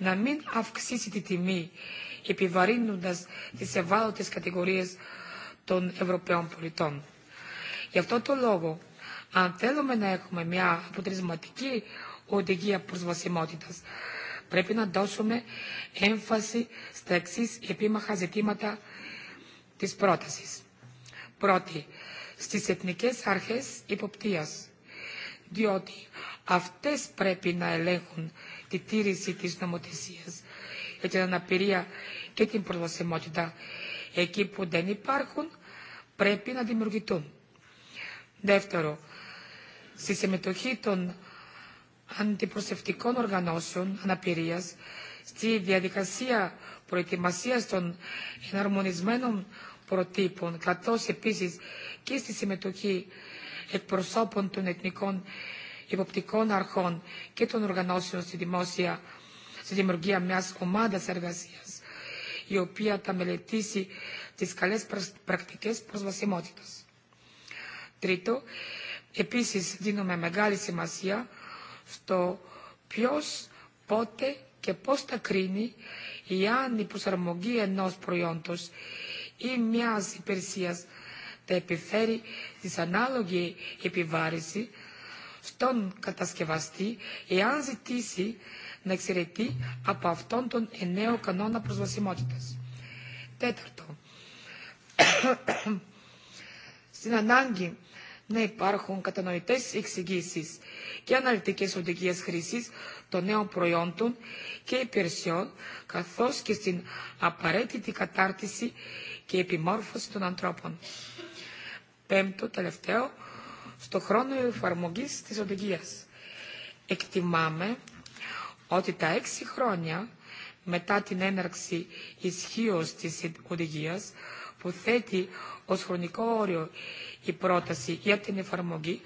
να μην αυξήσει τη τιμή επιβαρύνοντας τις ευάλωτες κατηγορίες των Ευρωπαίων πολιτών. Γι' αυτό το λόγο, αν θέλουμε να έχουμε μια αποτελεσματική οδηγία προσβασιμότητας, πρέπει να δώσουμε έμφαση στα εξή επίμαχα ζητήματα της πρότασης. Πρώτη, στις εθνικές αρχές υποπτίας, διότι αυτές πρέπει να ελέγχουν τη τήρηση της νομοθεσίας για την αναπηρία και την προσβασιμότητα εκεί που δεν υπάρχουν πρέπει να δημιουργηθούν. Δεύτερο, στη συμμετοχή των αντιπροσευτικών οργανώσεων αναπηρίας στη διαδικασία προετοιμασίας των εναρμονισμένων προτύπων, καθώς επίσης και στη συμμετοχή εκπροσώπων των εθνικών υποπτικών αρχών και των οργανώσεων στη, δημόσια, στη δημιουργία μιας ομάδας εργασίας, η οποία θα μελετήσει τις καλές πρακτικές προσβασιμότητας. Τρίτο, επίσης δίνουμε μεγάλη σημασία στο ποιος, πότε και πώς θα κρίνει ή αν η προσαρμογή ενός προϊόντος ή μιας υπηρεσίας θα επιφέρει ανάλογη επιβάρηση αυτόν κατασκευαστεί εάν ζητήσει να εξαιρεθεί από αυτόν τον εννέο κανόνα προσβασιμότητας. Τέταρτο, στην ανάγκη να υπάρχουν κατανοητές εξηγήσει και αναλυτικές οδηγίες χρήσης των νέων προϊόντων και υπηρεσιών, καθώς και στην απαραίτητη κατάρτιση και επιμόρφωση των ανθρώπων. Πέμπτο, τελευταίο, στο χρόνο εφαρμογής της οδηγίας. Εκτιμάμε ότι τα έξι χρόνια μετά την έναρξη ισχύω της οδηγίας που θέτει ως χρονικό όριο η πρόταση για την εφαρμογή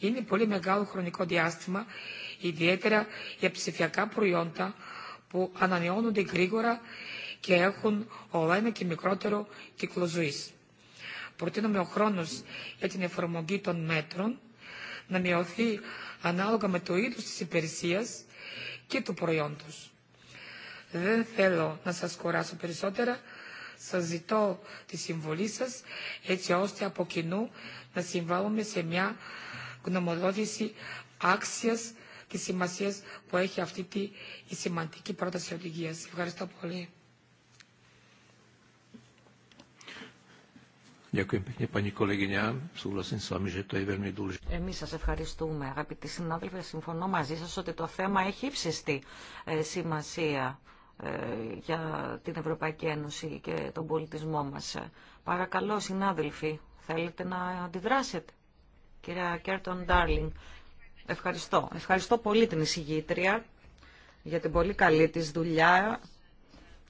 είναι πολύ μεγάλο χρονικό διάστημα, ιδιαίτερα για ψηφιακά προϊόντα που ανανεώνονται γρήγορα και έχουν όλα ένα και μικρότερο κύκλο ζωής προτείνουμε ο χρόνος για την εφαρμογή των μέτρων να μειωθεί ανάλογα με το είδος της υπηρεσίας και του προϊόντος. Δεν θέλω να σας κουράσω περισσότερα, σας ζητώ τη συμβολή σας έτσι ώστε από κοινού να συμβάλλουμε σε μια γνωμοδότηση άξιας και σημασίας που έχει αυτή τη σημαντική πρόταση οδηγία. Ευχαριστώ πολύ. Εμείς σας ευχαριστούμε αγαπητοί συνάδελφοι, συμφωνώ μαζί σας ότι το θέμα έχει ύψιστη ε, σημασία ε, για την Ευρωπαϊκή Ένωση και τον πολιτισμό μας. Παρακαλώ συνάδελφοι, θέλετε να αντιδράσετε. Κυρία Κέρτον Ντάρλινγκ, ευχαριστώ. Ευχαριστώ πολύ την εισηγήτρια για την πολύ καλή της δουλειά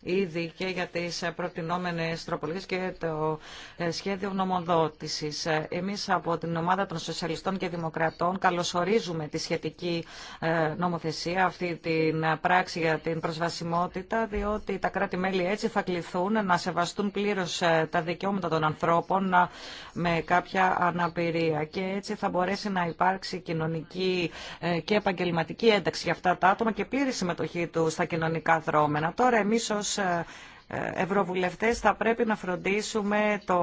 ήδη και για τις προτινόμενες τροπολογίες και το ε, σχέδιο γνωμοδότησης. Ε, εμείς από την ομάδα των Σοσιαλιστών και Δημοκρατών καλωσορίζουμε τη σχετική ε, νομοθεσία, αυτή την πράξη για την προσβασιμότητα, διότι τα κράτη-μέλη έτσι θα κληθούν να σεβαστούν πλήρως τα δικαιώματα των ανθρώπων με κάποια αναπηρία και έτσι θα μπορέσει να υπάρξει κοινωνική και επαγγελματική ένταξη για αυτά τα άτομα και πλήρη συμμετοχή του στα κοινωνικά δρόμενα. Τώρα εμείς ως ε, ευρωβουλευτές θα πρέπει να φροντίσουμε το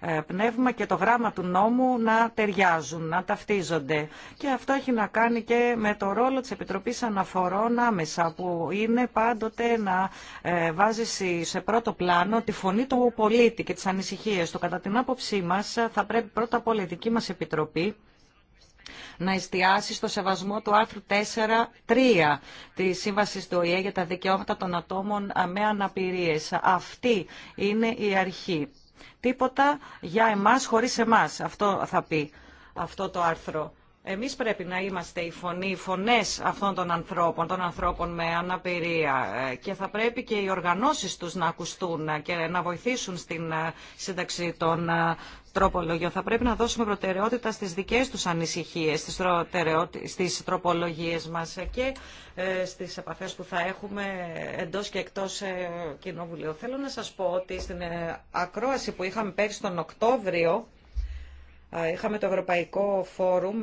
ε, πνεύμα και το γράμμα του νόμου να ταιριάζουν, να ταυτίζονται. Και αυτό έχει να κάνει και με το ρόλο της Επιτροπής Αναφορών άμεσα, που είναι πάντοτε να ε, βάζει σε πρώτο πλάνο τη φωνή του πολίτη και τις ανησυχίες του. Κατά την άποψή μας θα πρέπει πρώτα απ' όλα η δική μας Επιτροπή να εστιάσει στο σεβασμό του άρθρου 4.3 της Σύμβασης του ΟΗΕ για τα δικαιώματα των ατόμων με αναπηρίες. Αυτή είναι η αρχή. Τίποτα για εμάς χωρίς εμάς. Αυτό θα πει αυτό το άρθρο. Εμείς πρέπει να είμαστε οι φωνή, οι φωνές αυτών των ανθρώπων, των ανθρώπων με αναπηρία και θα πρέπει και οι οργανώσεις τους να ακουστούν και να βοηθήσουν στην ε, σύνταξη των ε, τροπολογιών. Θα πρέπει να δώσουμε προτεραιότητα στις δικές τους ανησυχίες, στις, στις τροπολογίες μας και ε, στις επαφές που θα έχουμε εντός και εκτός Κοινοβουλίου. Θέλω να σας πω ότι στην ακρόαση που είχαμε πέρσι τον Οκτώβριο, Είχαμε το Ευρωπαϊκό Φόρουμ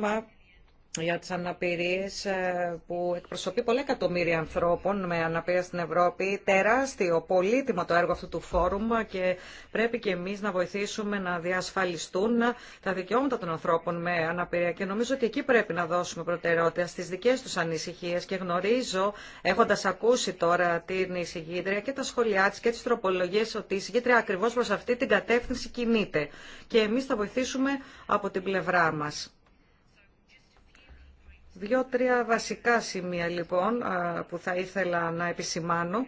για τις αναπηρίες ε, που εκπροσωπεί πολλά εκατομμύρια ανθρώπων με αναπηρία στην Ευρώπη. Τεράστιο, πολύτιμο το έργο αυτού του φόρουμ και πρέπει και εμείς να βοηθήσουμε να διασφαλιστούν τα δικαιώματα των ανθρώπων με αναπηρία και νομίζω ότι εκεί πρέπει να δώσουμε προτεραιότητα στις δικές τους ανησυχίες και γνωρίζω έχοντας ακούσει τώρα την εισηγήτρια και τα σχολιά της και τις τροπολογίες ότι η εισηγήτρια ακριβώς προς αυτή την κατεύθυνση κινείται και εμείς θα βοηθήσουμε από την πλευρά μας. Δύο-τρία βασικά σημεία λοιπόν που θα ήθελα να επισημάνω.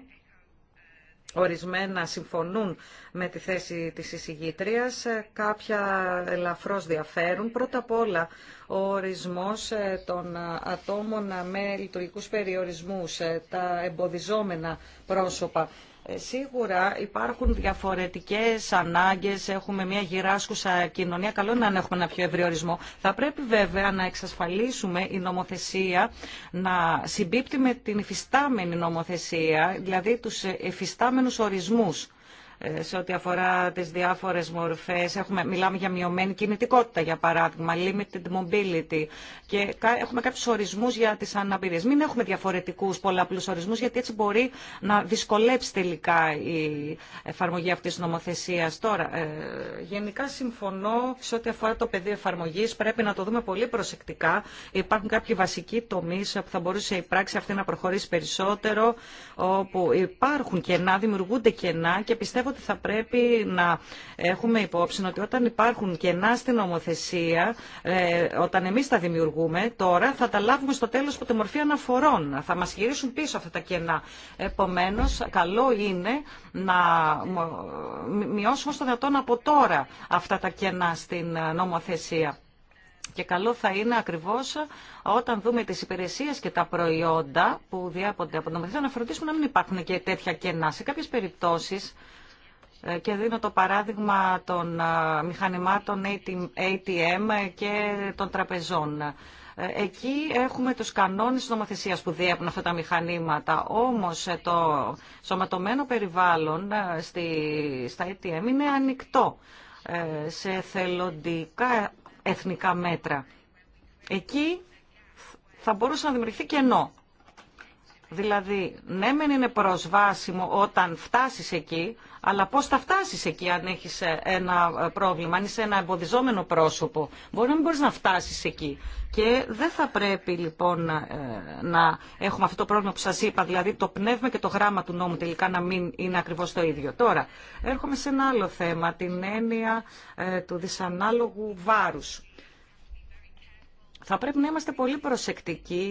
Ορισμένα συμφωνούν με τη θέση της εισηγήτριας, ε, κάποια ελαφρώς διαφέρουν. Πρώτα απ' όλα ο ορισμός ε, των ε, ατόμων με λειτουργικούς περιορισμούς, τα εμποδιζόμενα πρόσωπα. Ε, σίγουρα υπάρχουν διαφορετικές ανάγκες, έχουμε μια γυράσκουσα κοινωνία, καλό είναι να έχουμε ένα πιο ευρύ ορισμό. Θα πρέπει βέβαια να εξασφαλίσουμε η νομοθεσία να συμπίπτει με την υφιστάμενη νομοθεσία, δηλαδή τους υφιστάμενους ορισμούς ε, σε ό,τι αφορά τι διάφορε μορφέ, μιλάμε για μειωμένη κινητικότητα, για παράδειγμα, limited mobility και έχουμε κάποιου ορισμού για τι αναπηρίε. Μην έχουμε διαφορετικού πολλάπλου ορισμού, γιατί έτσι μπορεί να δυσκολέψει τελικά η εφαρμογή αυτή τη νομοθεσία. Τώρα, ε, γενικά συμφωνώ σε ό,τι αφορά το πεδίο εφαρμογή, πρέπει να το δούμε πολύ προσεκτικά. Υπάρχουν κάποιοι βασικοί τομεί που θα μπορούσε η πράξη αυτή να προχωρήσει περισσότερο, όπου υπάρχουν κενά, δημιουργούνται κενά και πιστεύω πιστεύω ότι θα πρέπει να έχουμε υπόψη ότι όταν υπάρχουν κενά στην νομοθεσία, ε, όταν εμεί τα δημιουργούμε τώρα, θα τα λάβουμε στο τέλο από τη μορφή αναφορών. Θα μα γυρίσουν πίσω αυτά τα κενά. Επομένω, καλό είναι να μειώσουμε στο δυνατόν από τώρα αυτά τα κενά στην ε, νομοθεσία. Και καλό θα είναι ακριβώς όταν δούμε τις υπηρεσίες και τα προϊόντα που διάπονται από το νομοθεσία να φροντίσουμε να μην υπάρχουν και τέτοια κενά. Σε κάποιες περιπτώσεις και δίνω το παράδειγμα των μηχανημάτων ATM και των τραπεζών. Ε, εκεί έχουμε τους κανόνες νομοθεσίας που διέπουν αυτά τα μηχανήματα. Όμως ε, το σωματωμένο περιβάλλον ε, στη, στα ATM είναι ανοιχτό σε θελοντικά εθνικά μέτρα. Εκεί θα μπορούσε να δημιουργηθεί κενό. Δηλαδή, ναι, μεν είναι προσβάσιμο όταν φτάσεις εκεί, αλλά πώ θα φτάσει εκεί αν έχει ε, ένα ε, πρόβλημα, αν είσαι ένα εμποδιζόμενο πρόσωπο. Μπορεί να μην μπορεί να φτάσει εκεί. Και δεν θα πρέπει λοιπόν ε, να έχουμε αυτό το πρόβλημα που σα είπα, δηλαδή το πνεύμα και το γράμμα του νόμου τελικά να μην είναι ακριβώ το ίδιο. Τώρα, έρχομαι σε ένα άλλο θέμα, την έννοια του δυσανάλογου βάρου θα πρέπει να είμαστε πολύ προσεκτικοί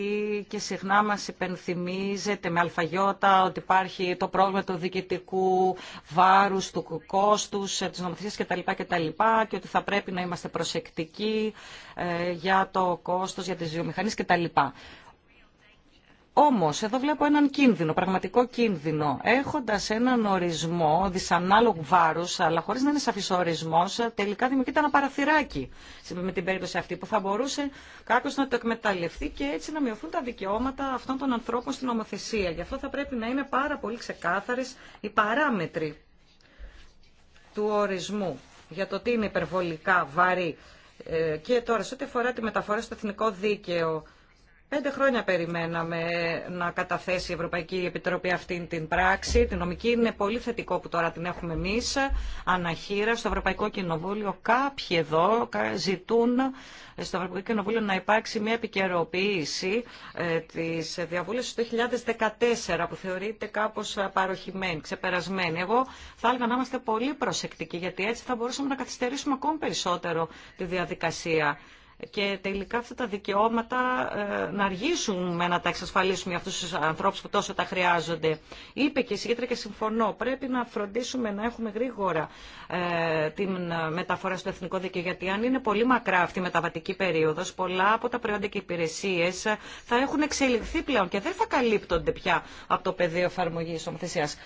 και συχνά μας υπενθυμίζεται με αλφαγιώτα ότι υπάρχει το πρόβλημα του διοικητικού βάρους, του κόστους, ε, της νομοθεσίας κτλ. κτλ και ότι θα πρέπει να είμαστε προσεκτικοί ε, για το κόστος, για τις βιομηχανίες κτλ. Όμως, εδώ βλέπω έναν κίνδυνο, πραγματικό κίνδυνο. Έχοντας έναν ορισμό δυσανάλογου βάρους, αλλά χωρίς να είναι σαφής ο ορισμός, τελικά δημιουργείται ένα παραθυράκι με την περίπτωση αυτή που θα μπορούσε κάποιο να το εκμεταλλευτεί και έτσι να μειωθούν τα δικαιώματα αυτών των ανθρώπων στην ομοθεσία. Γι' αυτό θα πρέπει να είναι πάρα πολύ ξεκάθαρες οι παράμετροι του ορισμού για το τι είναι υπερβολικά βαρύ. Ε, και τώρα, σε ό,τι αφορά τη μεταφορά στο εθνικό δίκαιο, Πέντε χρόνια περιμέναμε να καταθέσει η Ευρωπαϊκή Επιτροπή αυτήν την πράξη. Την νομική είναι πολύ θετικό που τώρα την έχουμε εμεί. Αναχείρα στο Ευρωπαϊκό Κοινοβούλιο. Κάποιοι εδώ ζητούν στο Ευρωπαϊκό Κοινοβούλιο να υπάρξει μια επικαιροποίηση ε, τη διαβούλευση του 2014 που θεωρείται κάπω παροχημένη, ξεπερασμένη. Εγώ θα έλεγα να είμαστε πολύ προσεκτικοί γιατί έτσι θα μπορούσαμε να καθυστερήσουμε ακόμη περισσότερο τη διαδικασία και τελικά αυτά τα δικαιώματα ε, να αργήσουμε να τα εξασφαλίσουμε για αυτούς τους ανθρώπους που τόσο τα χρειάζονται. Είπε και η και συμφωνώ, πρέπει να φροντίσουμε να έχουμε γρήγορα ε, την μεταφορά στο εθνικό δίκαιο, γιατί αν είναι πολύ μακρά αυτή η μεταβατική περίοδος, πολλά από τα προϊόντα και υπηρεσίες ε, θα έχουν εξελιχθεί πλέον και δεν θα καλύπτονται πια από το πεδίο εφαρμογή ομοθεσίας.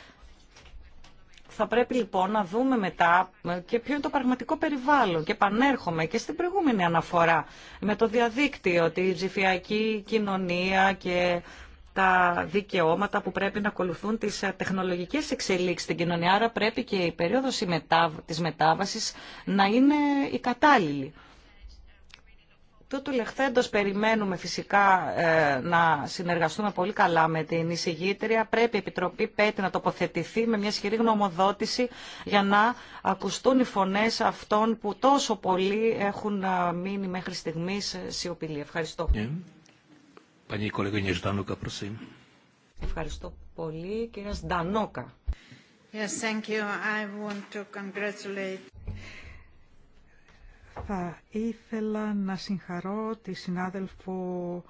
Θα πρέπει λοιπόν να δούμε μετά ε, και ποιο είναι το πραγματικό περιβάλλον. Και επανέρχομαι και στην προηγούμενη αναφορά με το διαδίκτυο, ότι η ψηφιακή κοινωνία και τα δικαιώματα που πρέπει να ακολουθούν τις ε, τεχνολογικές εξελίξεις στην κοινωνία. Άρα πρέπει και η περίοδος της μετάβασης να είναι η κατάλληλη. Τούτου λεχθέντος περιμένουμε φυσικά ε, να συνεργαστούμε πολύ καλά με την εισηγήτρια. Πρέπει η Επιτροπή Πέτη να τοποθετηθεί με μια σχηρή γνωμοδότηση για να ακουστούν οι φωνές αυτών που τόσο πολύ έχουν ε, μείνει μέχρι στιγμής ε, σιωπηλοί. Ευχαριστώ. Ναι. Ευχαριστώ πολύ. Κυρία Σντανόκα. Yes, θα ήθελα να συγχαρώ τη συνάδελφο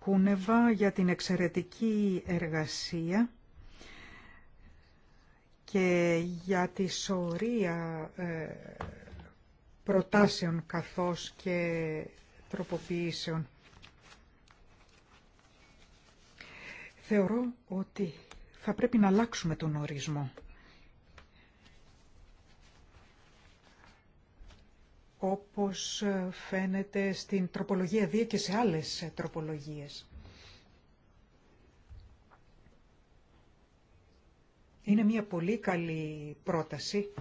Κούνεβα για την εξαιρετική εργασία και για τη σωρία ε, προτάσεων καθώς και τροποποιήσεων. Θεωρώ ότι θα πρέπει να αλλάξουμε τον ορισμό. όπως φαίνεται στην τροπολογία 2 και σε άλλες τροπολογίες. Είναι μια πολύ καλή πρόταση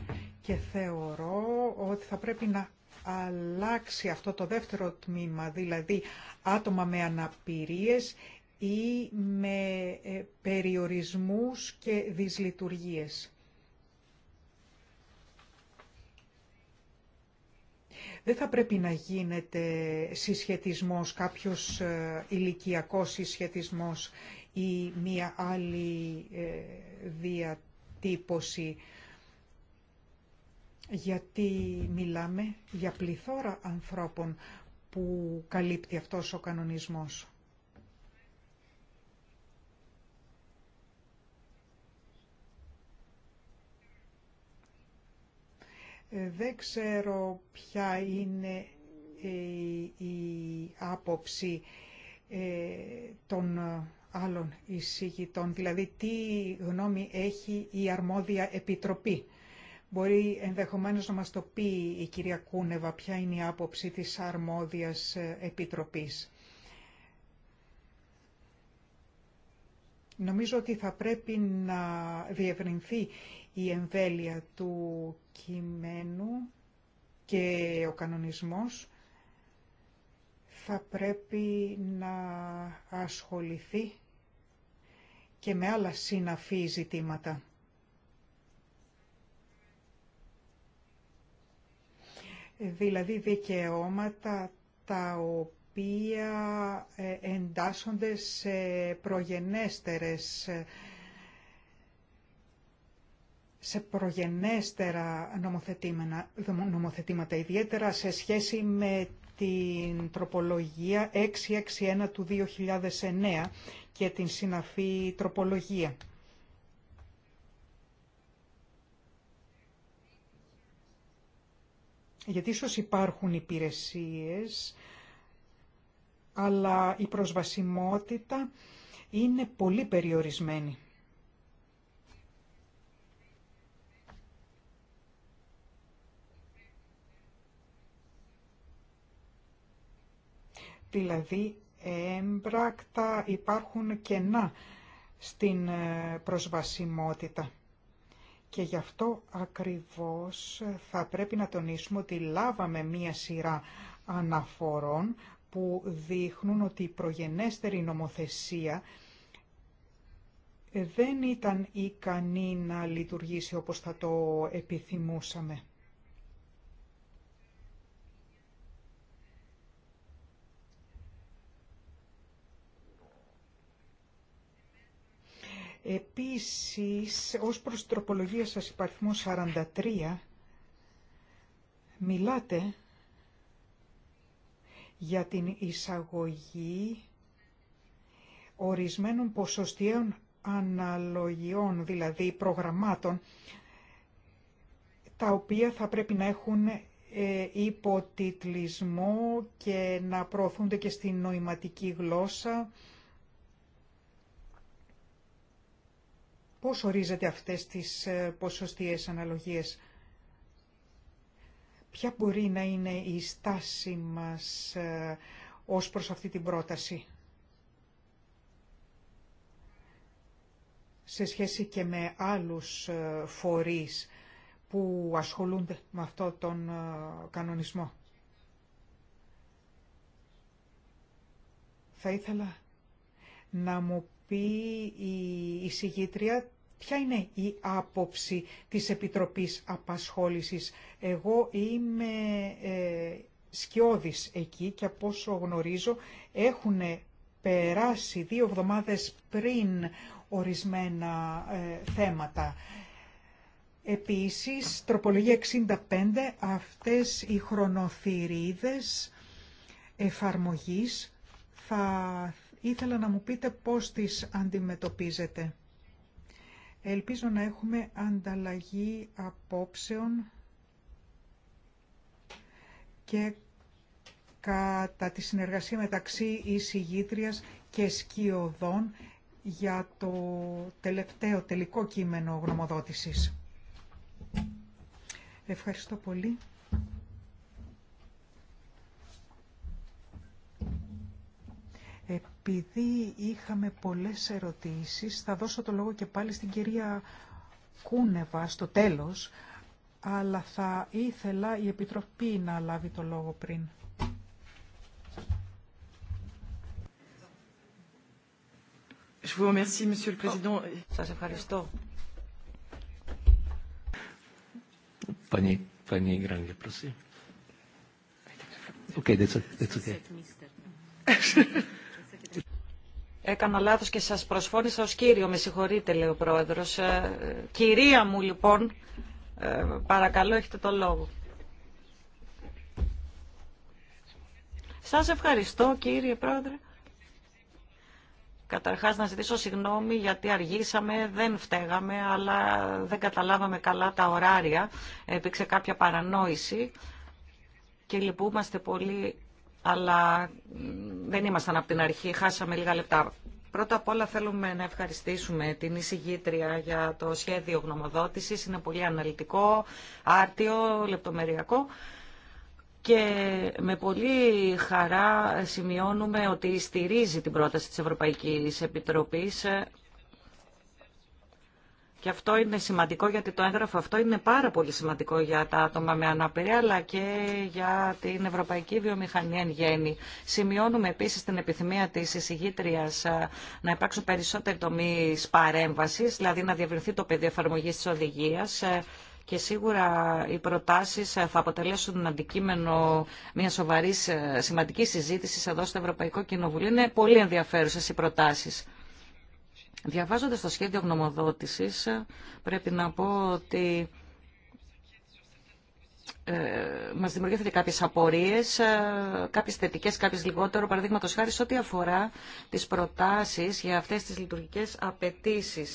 και θεωρώ ότι θα πρέπει να αλλάξει αυτό το δεύτερο τμήμα, δηλαδή άτομα με αναπηρίες ή με ε, περιορισμούς και δυσλειτουργίες. Δεν θα πρέπει να γίνεται συσχετισμός, κάποιος ε, ηλικιακός συσχετισμός ή μία άλλη ε, διατύπωση γιατί μιλάμε για πληθώρα ανθρώπων που καλύπτει αυτός ο κανονισμός. Ε, δεν ξέρω ποια είναι ε, η άποψη ε, των άλλων εισηγητών, δηλαδή τι γνώμη έχει η αρμόδια επιτροπή. Μπορεί ενδεχομένως να μας το πει η κυρία Κούνεβα ποια είναι η άποψη της αρμόδιας επιτροπής. Νομίζω ότι θα πρέπει να διευρυνθεί η εμβέλεια του κειμένου και ο κανονισμός θα πρέπει να ασχοληθεί και με άλλα συναφή ζητήματα. Δηλαδή δικαιώματα τα οποία ε, εντάσσονται σε προγενέστερες ε, σε προγενέστερα νομοθετήματα, νομοθετήματα, ιδιαίτερα σε σχέση με την τροπολογία 661 του 2009 και την συναφή τροπολογία. Γιατί ίσως υπάρχουν υπηρεσίες, αλλά η προσβασιμότητα είναι πολύ περιορισμένη. δηλαδή έμπρακτα υπάρχουν κενά στην ε, προσβασιμότητα. Και γι' αυτό ακριβώς ε, θα πρέπει να τονίσουμε ότι λάβαμε μία σειρά αναφορών που δείχνουν ότι η προγενέστερη νομοθεσία δεν ήταν ικανή να λειτουργήσει όπως θα το επιθυμούσαμε. Επίσης, ως προς τροπολογία σας υπαριθμού 43, μιλάτε για την εισαγωγή ορισμένων ποσοστιαίων αναλογιών, δηλαδή προγραμμάτων, τα οποία θα πρέπει να έχουν ε, υποτιτλισμό και να προωθούνται και στην νοηματική γλώσσα Πώς ορίζεται αυτές τις ε, ποσοστιαίες αναλογίες. Ποια μπορεί να είναι η στάση μας ε, ως προς αυτή την πρόταση. Σε σχέση και με άλλους ε, φορείς που ασχολούνται με αυτό τον κανονισμό. Θα ήθελα να μου πει η εισηγήτρια Ποια είναι η άποψη της Επιτροπής Απασχόλησης. Εγώ είμαι ε, σκιώδης εκεί και από όσο γνωρίζω έχουν περάσει δύο εβδομάδες πριν ορισμένα ε, θέματα. Επίσης, τροπολογία 65, αυτές οι χρονοθυρίδες εφαρμογής θα ήθελα να μου πείτε πώς τις αντιμετωπίζετε. Ελπίζω να έχουμε ανταλλαγή απόψεων και κατά τη συνεργασία μεταξύ εισηγήτριας και σκιωδών για το τελευταίο τελικό κείμενο γνωμοδότησης. Ευχαριστώ πολύ. Επειδή είχαμε πολλές ερωτήσεις, θα δώσω το λόγο και πάλι στην κυρία Κούνεβα στο τέλος, αλλά θα ήθελα η Επιτροπή να λάβει το λόγο πριν. Σας ευχαριστώ. Okay, that's, that's okay. Έκανα λάθος και σας προσφώνησα ως κύριο, με συγχωρείτε λέει ο πρόεδρος. Ε, κυρία μου λοιπόν, ε, παρακαλώ έχετε το λόγο. Σας ευχαριστώ κύριε πρόεδρε. Καταρχάς να ζητήσω συγγνώμη γιατί αργήσαμε, δεν φταίγαμε, αλλά δεν καταλάβαμε καλά τα ωράρια. Επήξε κάποια παρανόηση και λυπούμαστε πολύ αλλά δεν ήμασταν από την αρχή, χάσαμε λίγα λεπτά. Πρώτα απ' όλα θέλουμε να ευχαριστήσουμε την εισηγήτρια για το σχέδιο γνωμοδότησης. Είναι πολύ αναλυτικό, άρτιο, λεπτομεριακό και με πολύ χαρά σημειώνουμε ότι στηρίζει την πρόταση της Ευρωπαϊκής Επιτροπής και αυτό είναι σημαντικό γιατί το έγγραφο αυτό είναι πάρα πολύ σημαντικό για τα άτομα με αναπηρία αλλά και για την ευρωπαϊκή βιομηχανία εν γέννη. Σημειώνουμε επίσης την επιθυμία της εισηγήτριας ε, να υπάρξουν περισσότεροι τομεί παρέμβαση, δηλαδή να διευρυνθεί το πεδίο εφαρμογή της οδηγίας ε, και σίγουρα οι προτάσεις ε, θα αποτελέσουν αντικείμενο μια σοβαρής σημαντικής συζήτησης εδώ στο Ευρωπαϊκό Κοινοβουλίο. Είναι πολύ ενδιαφέρουσες οι προτάσεις. Διαβάζοντας το σχέδιο γνωμοδότησης, πρέπει να πω ότι ε, μας δημιουργήθηκαν κάποιες απορίες, ε, κάποιες θετικές, κάποιες λιγότερο, παραδείγματος χάρη σε ό,τι αφορά τις προτάσεις για αυτές τις λειτουργικές απαιτήσει.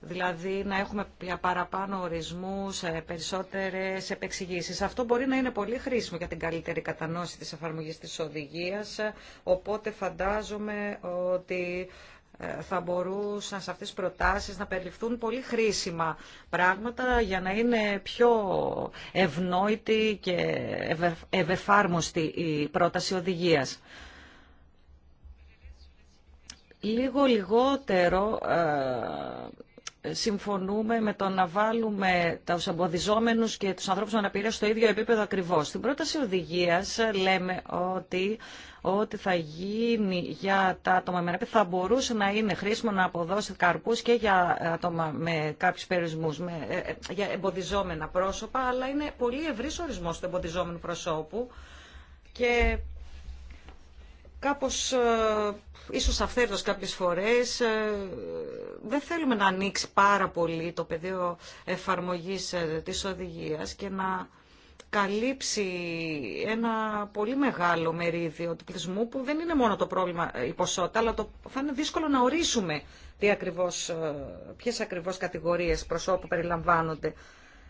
Δηλαδή να έχουμε παραπάνω ορισμούς, ε, περισσότερες επεξηγήσεις. Αυτό μπορεί να είναι πολύ χρήσιμο για την καλύτερη κατανόηση της εφαρμογής της οδηγίας, οπότε φαντάζομαι ότι ε, θα μπορούσαν σε αυτές τις προτάσεις να περιληφθούν πολύ χρήσιμα πράγματα για να είναι πιο ευνόητη και ευεφάρμοστη η πρόταση οδηγίας. Λίγο λιγότερο ε, συμφωνούμε με το να βάλουμε του εμποδιζόμενου και τους ανθρώπους με αναπηρία στο ίδιο επίπεδο ακριβώ. Στην πρόταση οδηγία. λέμε ότι ό,τι θα γίνει για τα άτομα με αναπηρία θα μπορούσε να είναι χρήσιμο να αποδώσει καρπούς και για άτομα με κάποιους περιορισμού, ε, ε, για εμποδιζόμενα πρόσωπα, αλλά είναι πολύ ευρύ ορισμό του εμποδιζόμενου προσώπου και κάπως ε, ίσως αυθαίρετος κάποιες φορές. Ε, δεν θέλουμε να ανοίξει πάρα πολύ το πεδίο εφαρμογής ε, της οδηγίας και να καλύψει ένα πολύ μεγάλο μερίδιο του πληθυσμού που δεν είναι μόνο το πρόβλημα η ποσότητα, αλλά το, θα είναι δύσκολο να ορίσουμε τι ακριβώς, ποιες ακριβώς κατηγορίες προσώπου περιλαμβάνονται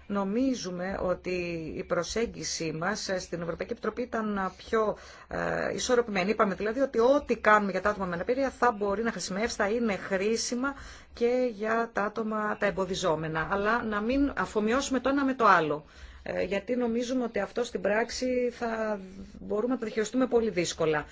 Νομίζουμε ότι η προσέγγιση μας στην Ευρωπαϊκή Επιτροπή ήταν πιο ε, ισορροπημένη. Είπαμε δηλαδή ότι ό,τι κάνουμε για τα άτομα με αναπηρία θα μπορεί να χρησιμεύσει, θα είναι χρήσιμα και για τα άτομα τα εμποδιζόμενα. Αλλά να μην αφομοιώσουμε το ένα με το άλλο ε, γιατί νομίζουμε ότι αυτό στην πράξη θα μπορούμε να το διαχειριστούμε πολύ δύσκολα.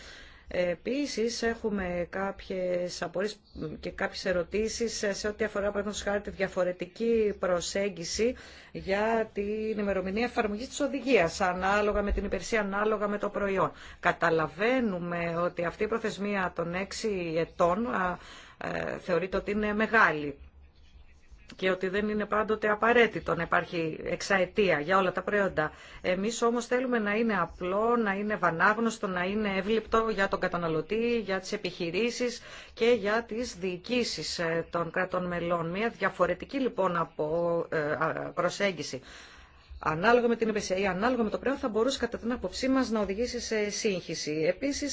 Επίσης έχουμε κάποιες απορίες και κάποιες ερωτήσεις σε ό,τι αφορά παραδείγματος χάρη τη διαφορετική προσέγγιση για την ημερομηνία εφαρμογής της οδηγίας ανάλογα με την υπηρεσία, ανάλογα με το προϊόν. Καταλαβαίνουμε ότι αυτή η προθεσμία των 6 ετών ε, θεωρείται ότι είναι μεγάλη και ότι δεν είναι πάντοτε απαραίτητο να υπάρχει εξαετία για όλα τα προϊόντα. Εμείς όμως θέλουμε να είναι απλό, να είναι βανάγνωστο, να είναι εύληπτο για τον καταναλωτή, για τις επιχειρήσεις και για τις διοικήσεις ε, των κρατών μελών. Μια διαφορετική λοιπόν από ε, προσέγγιση. Ανάλογα με την ή ανάλογα με το προϊόν, θα μπορούσε κατά την άποψή μα να οδηγήσει σε σύγχυση. Επίση,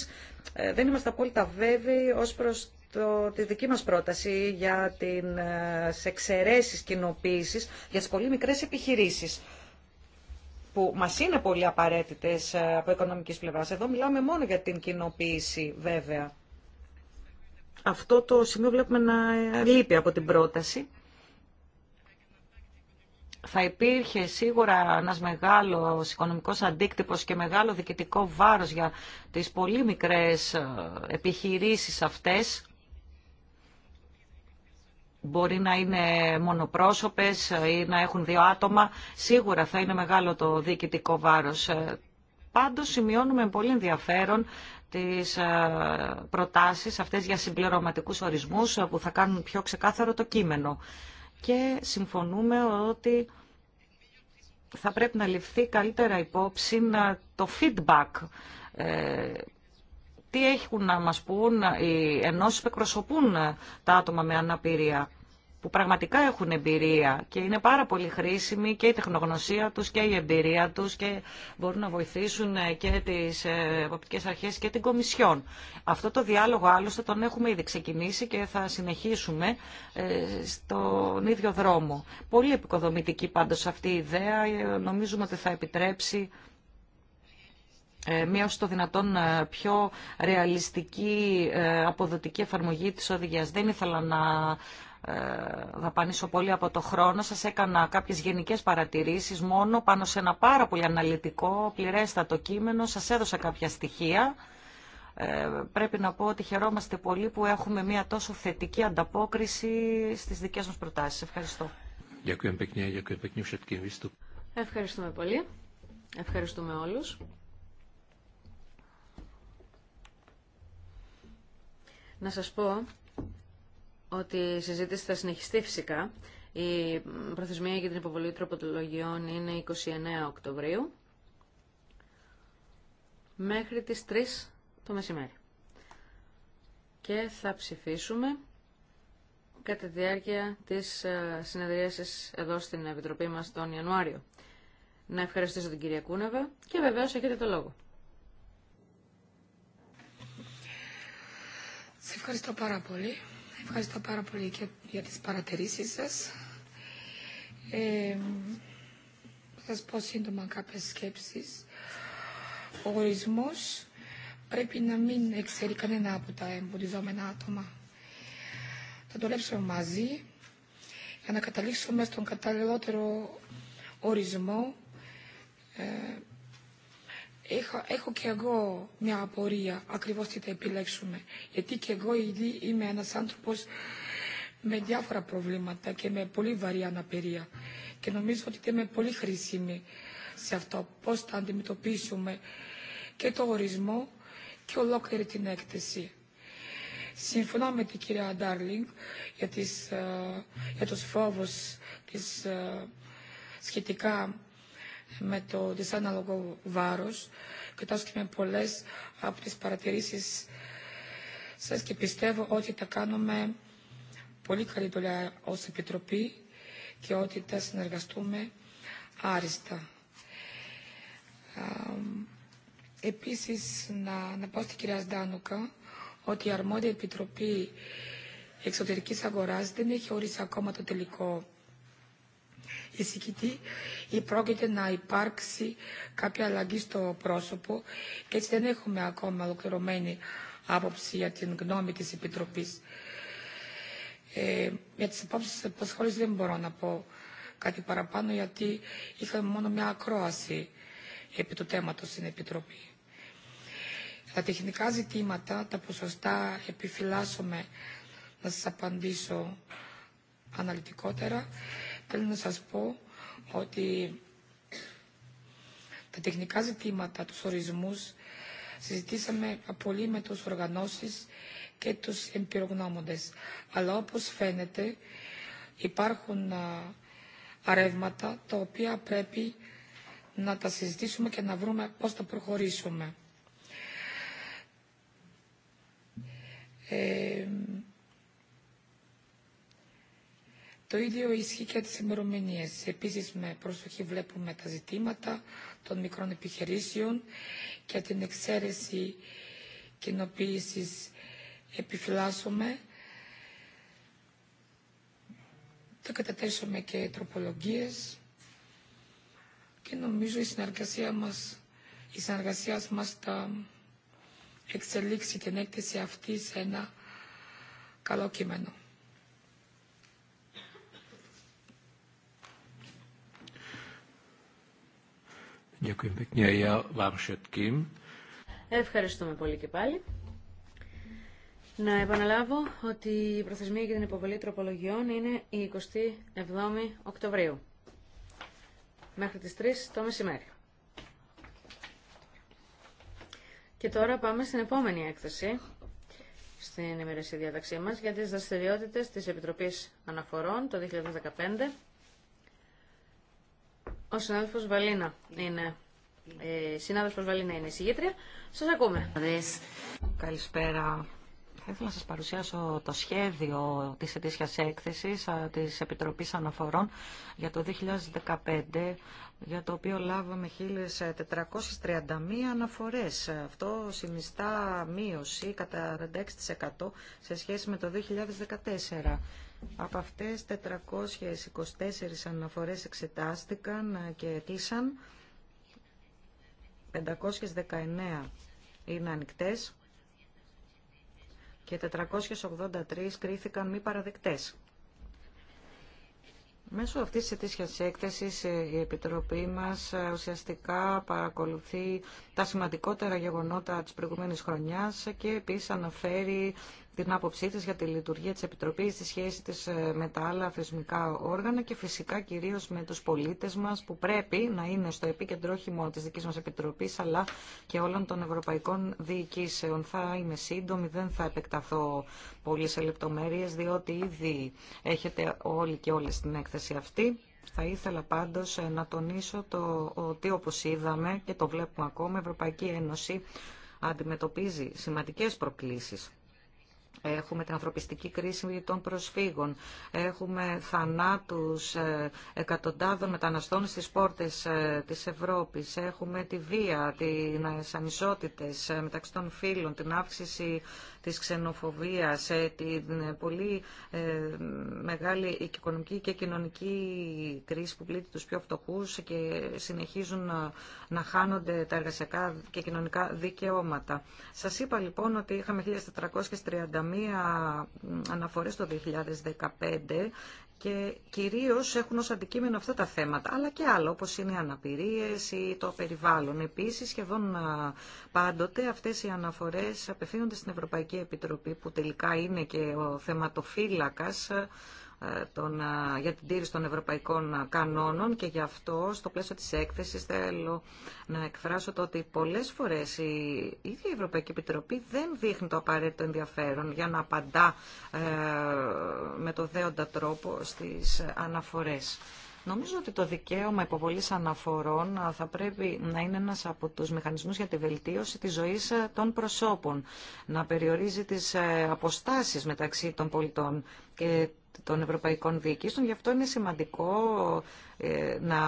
ε, δεν είμαστε απόλυτα βέβαιοι ω προ το, τη δική μας πρόταση για την ε, εξαιρέσεις κοινοποίηση για τις πολύ μικρές επιχειρήσεις που μας είναι πολύ απαραίτητες ε, από οικονομικής πλευράς. Εδώ μιλάμε μόνο για την κοινοποίηση βέβαια. Αυτό το σημείο βλέπουμε να ε, λείπει από την πρόταση. Θα υπήρχε σίγουρα ένας μεγάλος οικονομικός αντίκτυπος και μεγάλο διοικητικό βάρος για τις πολύ μικρές επιχειρήσεις αυτές μπορεί να είναι μονοπρόσωπες ή να έχουν δύο άτομα. Σίγουρα θα είναι μεγάλο το διοικητικό βάρος. Ε, πάντως σημειώνουμε πολύ ενδιαφέρον τις ε, προτάσεις αυτές για συμπληρωματικούς ορισμούς ε, που θα κάνουν πιο ξεκάθαρο το κείμενο. Και συμφωνούμε ότι θα πρέπει να ληφθεί καλύτερα υπόψη το feedback τι έχουν να μας πούν οι ενώσεις που εκπροσωπούν τα άτομα με αναπηρία που πραγματικά έχουν εμπειρία και είναι πάρα πολύ χρήσιμη και η τεχνογνωσία τους και η εμπειρία τους και μπορούν να βοηθήσουν και τις ε, εποπτικές αρχές και την Κομισιόν. Αυτό το διάλογο άλλωστε τον έχουμε ήδη ξεκινήσει και θα συνεχίσουμε ε, στον ίδιο δρόμο. Πολύ επικοδομητική πάντως αυτή η ιδέα ε, νομίζουμε ότι θα επιτρέψει ε, μία όσο το δυνατόν ε, πιο ρεαλιστική ε, αποδοτική εφαρμογή της οδηγίας. Δεν ήθελα να δαπανίσω πολύ από το χρόνο σας. Έκανα κάποιες γενικές παρατηρήσεις μόνο πάνω σε ένα πάρα πολύ αναλυτικό, πληρέστατο κείμενο. Σας έδωσα κάποια στοιχεία. Πρέπει να πω ότι χαιρόμαστε πολύ που έχουμε μία τόσο θετική ανταπόκριση στις δικές μας προτάσεις. Ευχαριστώ. Ευχαριστούμε πολύ. Ευχαριστούμε όλους. Να σας πω ότι η συζήτηση θα συνεχιστεί φυσικά. Η προθεσμία για την υποβολή τροπολογιών είναι 29 Οκτωβρίου μέχρι τις 3 το μεσημέρι. Και θα ψηφίσουμε κατά τη διάρκεια της ε, συνεδρίασης εδώ στην Επιτροπή μας τον Ιανουάριο. Να ευχαριστήσω την κυρία Κούνεβα και βεβαίως έχετε το λόγο. ευχαριστώ πάρα πολύ. Ευχαριστώ πάρα πολύ και για τις παρατηρήσεις σας. Ε, θα σας πω σύντομα κάποιες σκέψεις. Ο ορισμός πρέπει να μην εξαιρεί κανένα από τα εμποδιζόμενα άτομα. Θα δουλέψουμε μαζί για να καταλήξουμε στον καταλληλότερο ορισμό ε, έχω, έχω και εγώ μια απορία ακριβώς τι θα επιλέξουμε. Γιατί και εγώ ήδη είμαι ένας άνθρωπος με διάφορα προβλήματα και με πολύ βαρύ αναπηρία. Και νομίζω ότι είμαι πολύ χρήσιμη σε αυτό. Πώς θα αντιμετωπίσουμε και το ορισμό και ολόκληρη την έκθεση. Συμφωνώ με την κυρία Ντάρλινγκ για, ε, για τους φόβους της, ε, σχετικά με το δυσανάλογο βάρος και τόσο και με πολλές από τις παρατηρήσεις σας και πιστεύω ότι τα κάνουμε πολύ καλή δουλειά ως Επιτροπή και ότι τα συνεργαστούμε άριστα. Επίσης, να, να πω στην κυρία Σντάνουκα ότι η αρμόδια Επιτροπή Εξωτερικής Αγοράς δεν έχει ορίσει ακόμα το τελικό εισηγητή ή πρόκειται να υπάρξει κάποια αλλαγή στο πρόσωπο και έτσι δεν έχουμε ακόμα ολοκληρωμένη άποψη για την γνώμη της Επιτροπής. Ε, για τις απόψεις δεν μπορώ να πω κάτι παραπάνω γιατί είχαμε μόνο μια ακρόαση επί του θέματος στην Επιτροπή. Τα τεχνικά ζητήματα, τα ποσοστά, επιφυλάσσομαι να σας απαντήσω αναλυτικότερα. Θέλω να σας πω ότι τα τεχνικά ζητήματα, τους ορισμούς, συζητήσαμε πολύ με τους οργανώσεις και τους εμπειρογνώμοντες. Αλλά όπως φαίνεται υπάρχουν αρεύματα τα οποία πρέπει να τα συζητήσουμε και να βρούμε πώς θα προχωρήσουμε. Ε, Το ίδιο ισχύει και τις ημερομηνίες. Επίσης με προσοχή βλέπουμε τα ζητήματα των μικρών επιχειρήσεων και την εξαίρεση κοινοποίηση επιφυλάσσουμε. το κατατέσσουμε και τροπολογίες και νομίζω η συνεργασία μας, η συνεργασία μας θα εξελίξει την έκθεση αυτή σε ένα καλό κείμενο. Ευχαριστούμε πολύ και πάλι. Να επαναλάβω ότι η προθεσμία για την υποβολή τροπολογιών είναι η 27η Οκτωβρίου μέχρι τις 3 το μεσημέρι. Και τώρα πάμε στην επόμενη έκθεση στην ημερήσια διάταξή μας για τις δραστηριότητες της Επιτροπής Αναφορών το 2015 ο συνάδελφο Βαλίνα είναι. Ε, Βαλίνα είναι η συγγήτρια. Σας ακούμε. Καλησπέρα. Θα ήθελα να σας παρουσιάσω το σχέδιο της ετήσιας έκθεσης τη επιτροπή Αναφορών για το 2015, για το οποίο λάβαμε 1.431 αναφορές. Αυτό συνιστά μείωση κατά 46% σε σχέση με το 2014. Από αυτές 424 αναφορές εξετάστηκαν ε, και αιτήσαν. 519 είναι ανοιχτές και 483 κρίθηκαν μη παραδεκτές. Μέσω αυτής της ετήσιας έκθεσης ε, η Επιτροπή μας ε, ουσιαστικά παρακολουθεί τα σημαντικότερα γεγονότα της προηγούμενης χρονιάς και επίσης αναφέρει την άποψή της για τη λειτουργία της Επιτροπής, τη σχέση της ε, με τα άλλα θεσμικά όργανα και φυσικά κυρίως με τους πολίτες μας που πρέπει να είναι στο επίκεντρο όχι μόνο της δικής μας Επιτροπής αλλά και όλων των ευρωπαϊκών διοικήσεων. Θα είμαι σύντομη, δεν θα επεκταθώ πολύ σε λεπτομέρειες διότι ήδη έχετε όλοι και όλες την έκθεση αυτή. Θα ήθελα πάντως ε, να τονίσω το ότι όπως είδαμε και το βλέπουμε ακόμα, η Ευρωπαϊκή Ένωση αντιμετωπίζει σημαντικές προκλήσεις Έχουμε την ανθρωπιστική κρίση των προσφύγων. Έχουμε θανάτους ε, εκατοντάδων μεταναστών στις πόρτες ε, της Ευρώπης. Έχουμε τη βία, τις ανισότητες ε, μεταξύ των φίλων, την αύξηση της ξενοφοβίας, ε, την πολύ ε, μεγάλη οικονομική και κοινωνική κρίση που πλήττει τους πιο φτωχούς και συνεχίζουν να χάνονται τα εργασιακά και κοινωνικά δικαιώματα. Σας είπα λοιπόν ότι είχαμε 1431 αναφορές το 2015 και κυρίως έχουν ως αντικείμενο αυτά τα θέματα, αλλά και άλλα όπως είναι οι αναπηρίες ή το περιβάλλον. Επίσης σχεδόν πάντοτε αυτές οι αναφορές απευθύνονται στην Ευρωπαϊκή Επιτροπή που τελικά είναι και ο θεματοφύλακας ε, τον, ε, για την τήρηση των ευρωπαϊκών κανόνων και γι' αυτό στο πλαίσιο της έκθεσης θέλω να εκφράσω το ότι πολλές φορές η ίδια η Ευρωπαϊκή Επιτροπή δεν δείχνει το απαραίτητο ενδιαφέρον για να απαντά ε, με το δέοντα τρόπο στις αναφορές. Νομίζω ότι το δικαίωμα υποβολής αναφορών θα πρέπει να είναι ένας από τους μηχανισμούς για τη βελτίωση της ζωής των προσώπων, να περιορίζει τις αποστάσεις μεταξύ των πολιτών και των ευρωπαϊκών διοικήσεων. Γι' αυτό είναι σημαντικό ε, να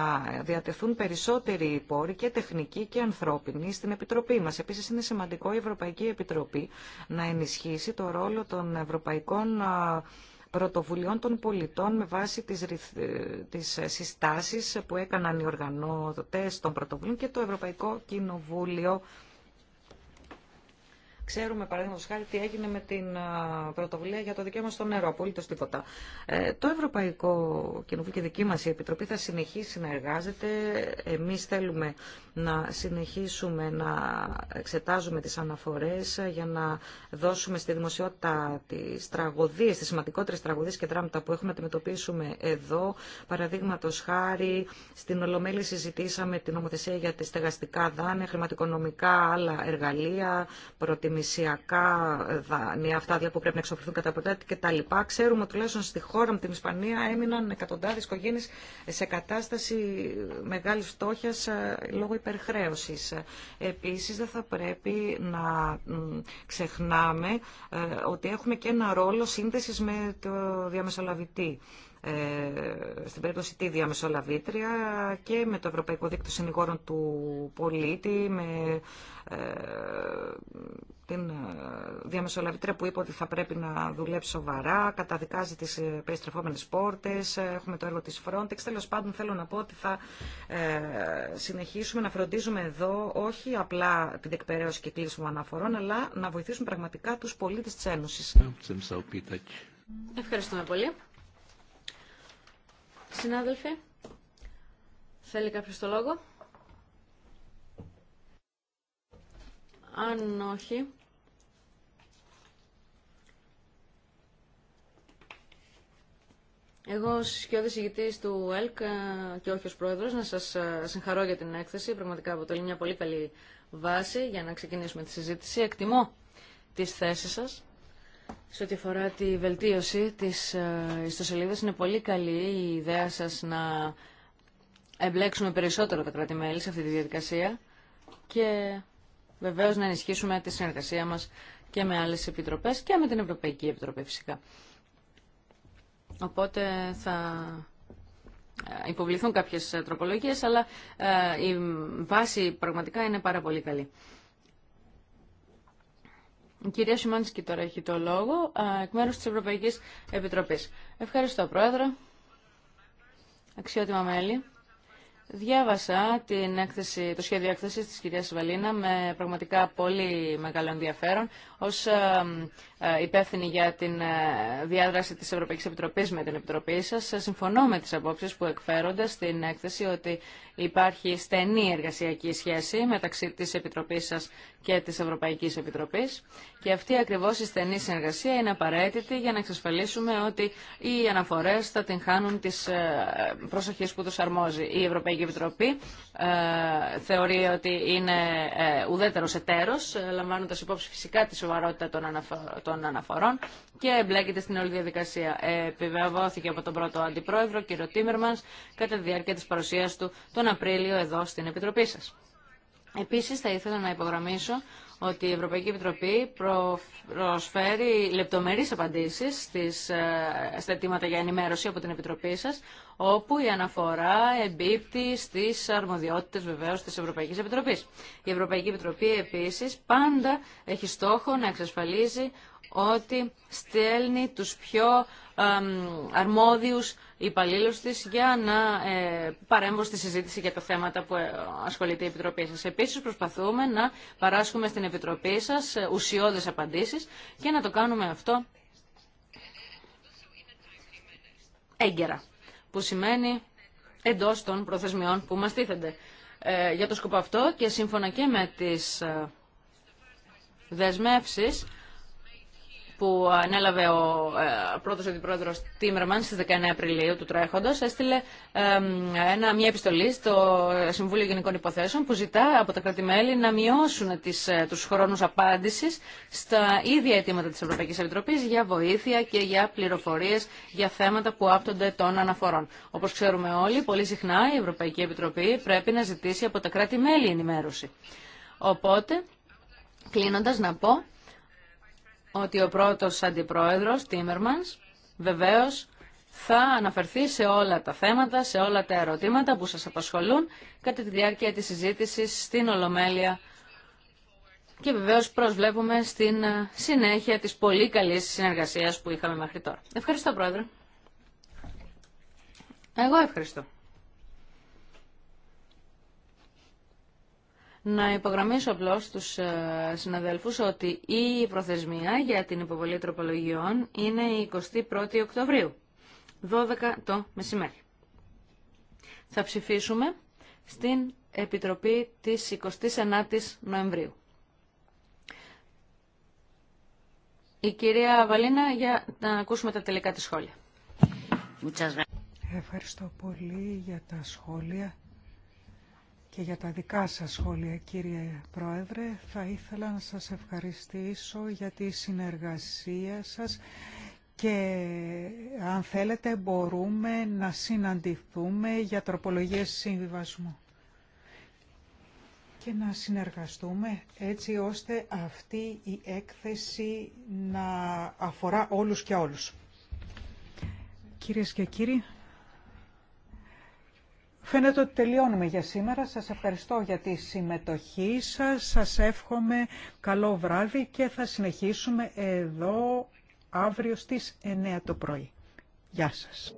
διατεθούν περισσότεροι πόροι και τεχνικοί και ανθρώπινοι στην Επιτροπή μας. Επίσης είναι σημαντικό η Ευρωπαϊκή Επιτροπή να ενισχύσει το ρόλο των ευρωπαϊκών πρωτοβουλειών των πολιτών με βάση τις, ε, τις συστάσεις που έκαναν οι οργανώτες των πρωτοβουλίων και το Ευρωπαϊκό Κοινοβούλιο Ξέρουμε, παραδείγματο χάρη, τι έγινε με την πρωτοβουλία για το δικαίωμα στο νερό. Απολύτω τίποτα. Ε, το Ευρωπαϊκό Κοινοβούλιο και δική μα η Επιτροπή θα συνεχίσει να εργάζεται. Εμεί θέλουμε να συνεχίσουμε να εξετάζουμε τι αναφορέ ε, για να δώσουμε στη δημοσιότητα τι τραγωδίε, τι σημαντικότερε τραγωδίε και δράματα που έχουμε να αντιμετωπίσουμε εδώ. Παραδείγματο χάρη, στην Ολομέλη συζητήσαμε την νομοθεσία για τα στεγαστικά δάνεια, χρηματοοικονομικά άλλα εργαλεία, προτιμησιακά δάνεια, αυτά δηλαδή που πρέπει να εξοφληθούν κατά προτάτη και τα λοιπά. Ξέρουμε ότι τουλάχιστον στη χώρα μου, την Ισπανία, έμειναν εκατοντάδε οικογένειε σε κατάσταση μεγάλη φτώχεια ε, λόγω υπερχρέωση. Επίση, δεν θα πρέπει να ξεχνάμε ε, ότι έχουμε και ένα ρόλο σύνδεση με το διαμεσολαβητή. Ε, στην περίπτωση τη διαμεσολαβήτρια και με το Ευρωπαϊκό Δίκτυο Συνηγόρων του Πολίτη, με ε, την ε, διαμεσολαβήτρια που είπε ότι θα πρέπει να δουλέψει σοβαρά, καταδικάζει τις περιστρεφόμενες πόρτες, έχουμε το έργο της Frontex. Τέλος πάντων θέλω να πω ότι θα συνεχίσουμε να φροντίζουμε εδώ όχι απλά την εκπαιρέωση και κλείσιμο αναφορών, αλλά να βοηθήσουμε πραγματικά τους πολίτες της Ένωσης. Ευχαριστούμε πολύ. Συνάδελφοι, θέλει κάποιος το λόγο. Αν όχι, Εγώ ως σκιώδης ηγητής του ΕΛΚ ε, και όχι ως πρόεδρος να σας ε, συγχαρώ για την έκθεση. Πραγματικά αποτελεί μια πολύ καλή βάση για να ξεκινήσουμε τη συζήτηση. Εκτιμώ τις θέσεις σας σε ό,τι αφορά τη βελτίωση της ε, ιστοσελίδας. Είναι πολύ καλή η ιδέα σας να εμπλέξουμε περισσότερο τα κράτη-μέλη σε αυτή τη διαδικασία και βεβαίως να ενισχύσουμε τη συνεργασία μας και με άλλες επιτροπές και με την Ευρωπαϊκή Επιτροπή φυσικά. Οπότε θα ε, υποβληθούν κάποιες τροπολογίες, αλλά ε, η βάση πραγματικά είναι πάρα πολύ καλή. Η κυρία Σιμάνσκι τώρα έχει το λόγο εκ μέρους της Ευρωπαϊκής Επιτροπής. Ευχαριστώ, πρόεδρο. Αξιότιμα μέλη. Διάβασα την έκθεση, το σχέδιο έκθεση της κυρίας Βαλίνα με πραγματικά πολύ μεγάλο ενδιαφέρον ως ε, ε, υπεύθυνη για την ε, διάδραση της Ευρωπαϊκής Επιτροπής με την Επιτροπή σας. Συμφωνώ με τις απόψεις που εκφέρονται στην έκθεση ότι υπάρχει στενή εργασιακή σχέση μεταξύ της Επιτροπής σας και της Ευρωπαϊκής Επιτροπής και αυτή ακριβώς η στενή συνεργασία είναι απαραίτητη για να εξασφαλίσουμε ότι οι αναφορές θα την χάνουν της προσοχής που τους αρμόζει. Η Ευρωπαϊκή Επιτροπή θεωρεί ότι είναι ουδέτερος εταίρος, λαμβάνοντας υπόψη φυσικά τις σοβαρότητα των αναφορών και εμπλέκεται στην όλη διαδικασία. Επιβεβαιώθηκε από τον πρώτο αντιπρόεδρο, κύριο Τίμερμαν, κατά τη διάρκεια της παρουσίας του τον Απρίλιο εδώ στην Επιτροπή σα. Επίσης θα ήθελα να υπογραμμίσω ότι η Ευρωπαϊκή Επιτροπή προσφέρει λεπτομερείς απαντήσεις στις, ε, στα αιτήματα για ενημέρωση από την Επιτροπή σας, όπου η αναφορά εμπίπτει στις αρμοδιότητες βεβαίως της Ευρωπαϊκής Επιτροπής. Η Ευρωπαϊκή Επιτροπή επίσης πάντα έχει στόχο να εξασφαλίζει ότι στέλνει τους πιο αρμόδιους υπαλλήλου τη για να ε, παρέμβω στη συζήτηση για τα θέματα που ε, ασχολείται η Επιτροπή σα. Επίση, προσπαθούμε να παράσχουμε στην Επιτροπή σα ε, ουσιώδε απαντήσει και να το κάνουμε αυτό έγκαιρα. Που σημαίνει εντό των προθεσμιών που μα τίθενται. Ε, για το σκοπό αυτό και σύμφωνα και με τι δεσμεύσει που ανέλαβε ο ε, πρώτος αντιπρόεδρος Τίμερμαν στις 19 Απριλίου του τρέχοντος έστειλε μια επιστολή στο Συμβούλιο Γενικών Υποθέσεων που ζητά από τα κράτη-μέλη να μειώσουν τις, ε, τους χρόνους απάντησης στα ίδια αιτήματα της Ευρωπαϊκής Επιτροπής για βοήθεια και για πληροφορίες για θέματα που άπτονται των αναφορών. Όπως ξέρουμε όλοι, πολύ συχνά η Ευρωπαϊκή Επιτροπή πρέπει να ζητήσει από τα κράτη-μέλη ενημέρωση. Οπότε, κλείνοντας να πω ότι ο πρώτος αντιπρόεδρος, Τίμερμανς, βεβαίως θα αναφερθεί σε όλα τα θέματα, σε όλα τα ερωτήματα που σας απασχολούν κατά τη διάρκεια της συζήτησης στην Ολομέλεια και βεβαίως προσβλέπουμε στην συνέχεια της πολύ καλής συνεργασίας που είχαμε μέχρι τώρα. Ευχαριστώ Πρόεδρε. Εγώ ευχαριστώ. Να υπογραμμίσω απλώ στου ε, συναδέλφου ότι η προθεσμία για την υποβολή τροπολογιών είναι η 21η Οκτωβρίου, 12 το μεσημέρι. Θα ψηφίσουμε στην Επιτροπή της 29ης Νοεμβρίου. Η κυρία Βαλίνα για να ακούσουμε τα τελικά της σχόλια. Ευχαριστώ πολύ για τα σχόλια και για τα δικά σας σχόλια, κύριε Πρόεδρε. Θα ήθελα να σας ευχαριστήσω για τη συνεργασία σας και αν θέλετε μπορούμε να συναντηθούμε για τροπολογίες συμβιβασμού και να συνεργαστούμε έτσι ώστε αυτή η έκθεση να αφορά όλους και όλους. Κυρίες και κύριοι, Φαίνεται ότι τελειώνουμε για σήμερα. Σας ευχαριστώ για τη συμμετοχή σας. Σας εύχομαι καλό βράδυ και θα συνεχίσουμε εδώ αύριο στις 9 το πρωί. Γεια σας.